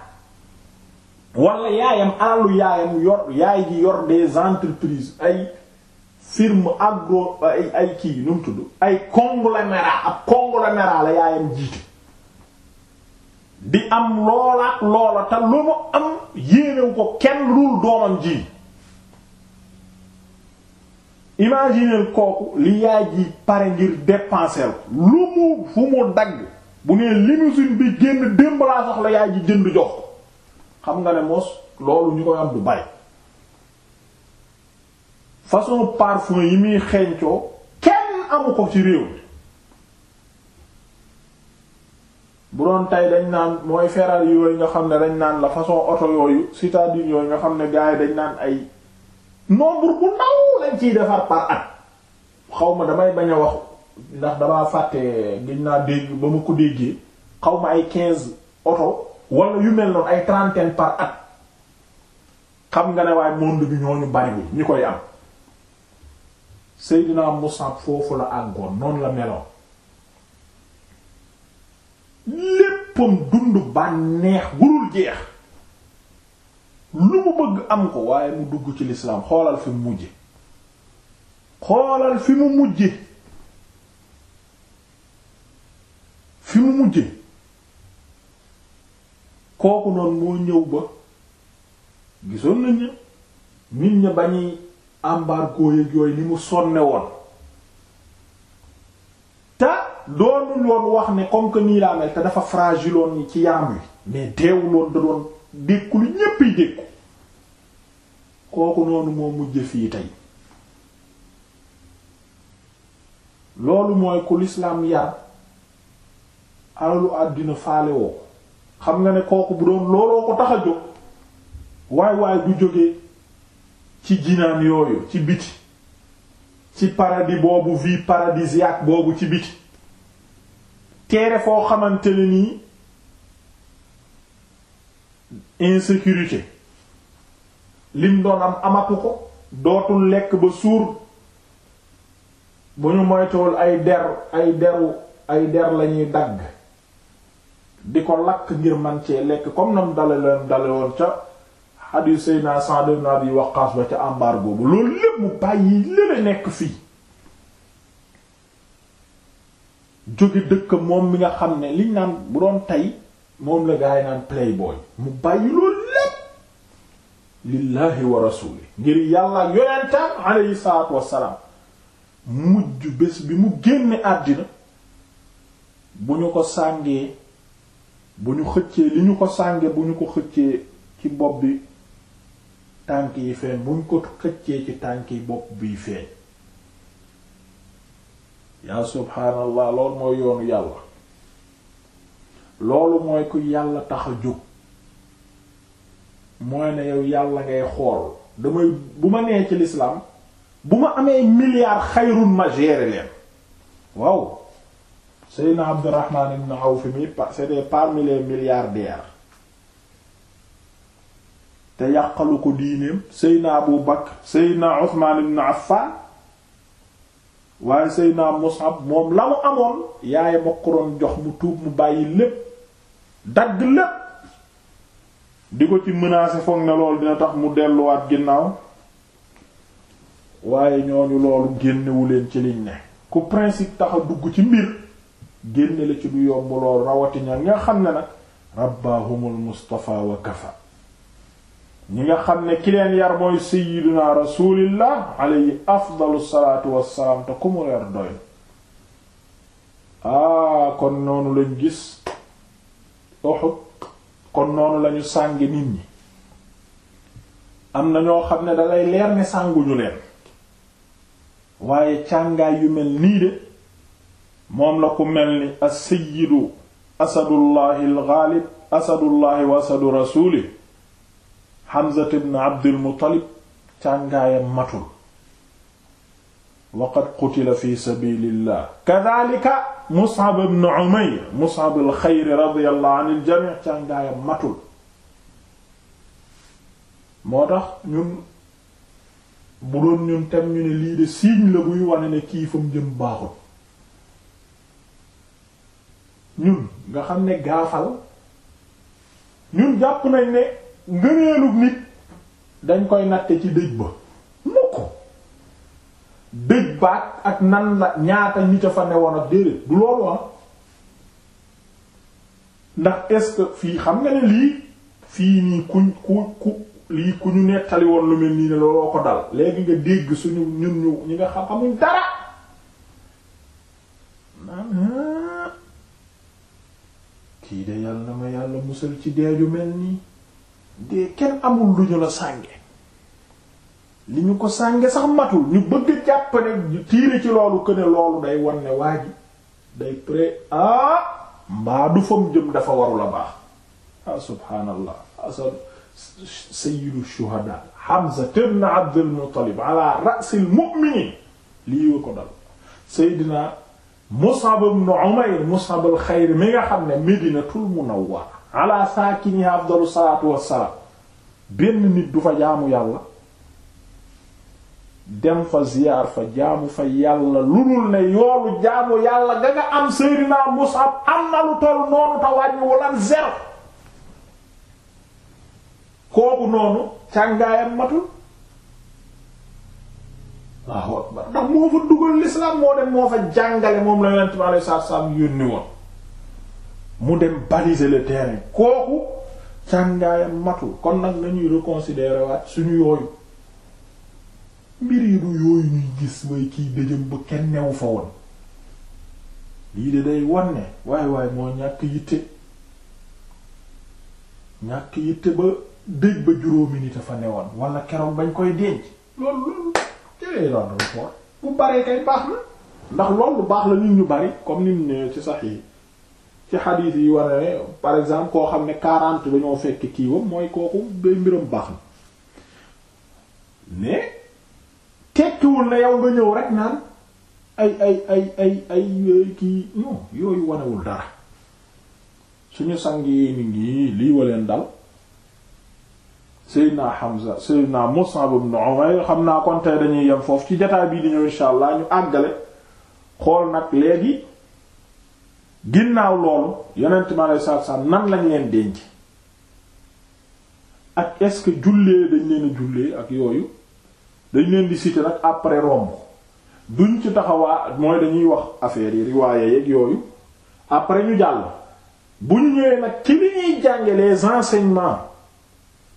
wala yaayam alalu yaayam yor yaay ji yor des entreprises ay firme agro ay ay kii nu mu tudd ay conglomérat ab conglomérat la yaayam jiite di am loola ak lu mu am yéenewu ko kenn lul doomam ji imagineel kooku li yaay ji pare ngir dépenser lu mu fu mu dagg bu nee limousine bi génn démb laa sax la yaay ji jënd jox xam nga ne mos loolu ñu koy am du bari façon parfum yi muy xeeñcoo kenn amu ko ci réew mi bu doon tey dañ naan mooy Ferrari yooyu nga xam ne dañ naan la façon oto yooyu citadine yooyu nga xam ne gars dañ naan ay nombre bu ndaw ciy defar par at xaw ma damay bañ a wax ndax damaa fàtte gën naa dégg ba ma ko déggee xaw ma ay quinze oto wala yu mel noonu ay trentaine par at xam nga ne waaye monde bi ñooñu bari bi ñi koy am Seydina Musab foofu la àggoon noonu la meloon léppam dund bànneex gurul jeex lu mu bëgg am ko waaye mu dugg ci lislaam xoolal fi mu mujje xoolal fi mu mujje fi mu mujje kooku noonu moo ñëw ba gisoon nañ ña nit ña bañuy embargo yëg yooyu ni mu sonne woon te doonul woon wax ni comme que nii laa mel te dafa fragile ci yaram wi mais deewul woon dékku lu ñépp dékku kooku noonu moo mujj fii tey loolu mooy ku lislaam yar alalu àddina faale xam nga ne kooku bu doon looloo ko tax a jóg waay waay du jógee ci jinaan yooyu ci biti ci paradis boobu vie paradisiaque boobu ci biti teere foo xamante nii insécurité liñ doon am amatu ko dootul lekk ba suur bu ñu moytuwul ay der ay deru ay der lañuy dagg di ko lakk ngir man cee lekk comme nam dale leen dale woon ca hadith Seydina Sa'd ibn Abi Waqqas ba ca ambaar boobu loolu lépp mu bàyyi lële nekk fii jóge dëkk moom mi nga xam ne liñ naan bu doon tey moom la gaa yi naan playboy mu bàyyi loolu lépp lillahi wa rasuli ngir yàlla yonentam alayhi salaatu wassalaam mujj bés bi mu génne àddina bu ñu ko sàngee bu ñu xëccee li ñu ko sàngee bu ñu ko xëccee ci bopp bi tànk yi feeñ bu ñu ko xëccee ci tànk yi bopp bi feeñ yaa subhaanallah loolu mooy yoonu yàlla loolu mooy ku yàlla tax jóg mooy ne yow yàlla ngay xool damay bu ma nee ci l'islam bu ma amee milliard xayrun ma gérer leen waaw Seydina Abdurrahman ibn Awf mi c'était parmi les milliardaires te yàqalu ko diineem Seydina Abu Bakr Seydina Uthman ibn waaye Seydina Mus'ab moom la mu amoon yaay ma ko jox mu tuub mu bàyyi lépp dagg lépp di ko ci menacer foog ne loolu dina tax mu delluwaat ginnaaw waaye ñoo ñooñu loolu génnewu leen ci liñ ne ku principe taxa dugg ci mbir génne la ci du yomb lool rawatina nga xam ne nag rabbahumul Mustafa wa kafa ñi nga xam ne ki leen yar mooy sayyiduna rasulillah alayhi afdalu salaatu wassalaam te ku mu reer doy aa ah, kon noonu lañ gis Uhud kon noonu lañu sànge nit ñi am na ñoo xam ne dalay leer ne sànguñu leen waaye càngaay yu mel nii de moom la ku mel ni as-sayyidu asadullahi al-ghalib asadullahi wa asadu rasulih Hamza ibn Abdul Muttalib càngaayam matul waqad qutila fi sabilillah kadhalika Mus'ab ibn Umayr Mus'ab al-Khayr radiyallahu anil càngaayam matul moo tax ñun bu doon ñun tam ñu ne lii de signe la buy wane ne kii fa mu jëm baaxul ñun nga xam ne gaafal ñun jàpp nañ ne ngëneelub nit dañ koy natte ci dëj ba mukk dëj baat ak nan la ñaata nit a fa newoon ak déedéet du loolu am ah. ndax est fii xam nga ne lii fii nii kuñ ku ku lii ku ñu nettali woon lu mel nii looloo ko dal léegi nga dégg suñu ñun ñu ñi nga xam xamuñ dara kii de yàlla ma yàlla musal ci deeju mel nii dee kenn amul lu ñu la sànge li ñu ko sànge sax matul ñu bëgg jàpp ne tiire ci loolu que ne loolu day wan ne waa day pré ah mbaa du fam jëm dafa warul a baax ah subhaanallah asal sayyidu shuhada Hamza ibn Abdul Muttalib ala ra'sil mu'minin lii wa ko dal Seydina Mus'ab ibn Umayr Mus'ab al-Xayr mi nga xam ne Madinatul Munawwara ala saakini afdalu salaatu wassalaam benn nit du fa jaamu yàlla dem fa ziyaar fa jaamu fa yàlla lu dul ne yoolu jaamu yàlla ga nga am Seydina Mus'ab am na lu toll noonu te wàññi walan zéro kooku noonu càngaayam matul waaw akbar ndax moo fa dugal l'islam moo dem moo fa jàngale moom la yonent bi alayhi salaatu salaam yónni woon mu dem baliser le terrain kooku càngaayam matul kon nag nañuy reconsidérer waat suñu yooyu mbir yi du yooyu ñuy gis mooy kiy dëjëm ba kenn newu fa woon lii de day wanne waaye waaye moo ñàkk yitte ñàkk yitte ba dëj ba juróomi nit a fa woon wala keroog bañ koy denc loolu loolu jëlee lu rapport bu baree kay baax na ndax loolu baax la ñu bari comme ni mu ne ci sax yi ci xadiis yi wane par exemple koo xam ne 40 dañoo fekk kiiwam mooy kooku day mbiram baax na mais tekkiwul na yow nga ñëw rek naan ay ay ay ay ay kii non yooyu wanewul dara suñu sang yi ni ngi lii waleen dal Seydina Hamza Seydina Mus'ab ibn Umayr xam naa kon tey dañuy yem foofu ci jotaay bii di ñëw insha allah ñu àggale xool nag léegi ginnaaw loolu yonent mi aleyhi salaatu nan lañ leen denc ak est-ce que jullee dañ leen a ak yooyu dañ leen di citer nag après romb duñ ci taxawaa ak mooy dañuy wax affaire yi riwaaye yeeg yooyu après ñu jàll bu ñu ñëwee ci li ñuy jànge les enseignements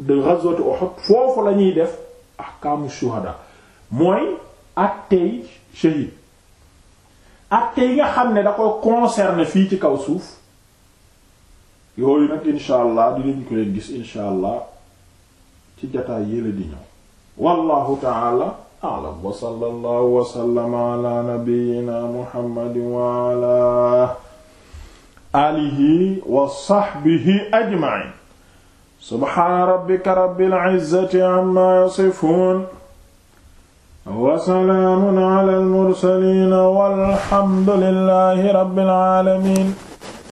de ghazwat Uhud foofu la ñuy def ahkaamu shuhada mooy attey shahid acte yi nga xam ne da koy concerner fii ci kaw suuf yooyu nag insha allah dinañ ko leen gis insha allah ci jataay yële di ñëw wallahu ta'ala a'lam wa sallallahu wa sallama ala nabiyyina muhammadin wa ala alihi wa sahbihi ajma'in subhana rabbika rabbil izzati amma yasifun wasalaamun ala almursaliin walhamdulillahi rabbil aalamiin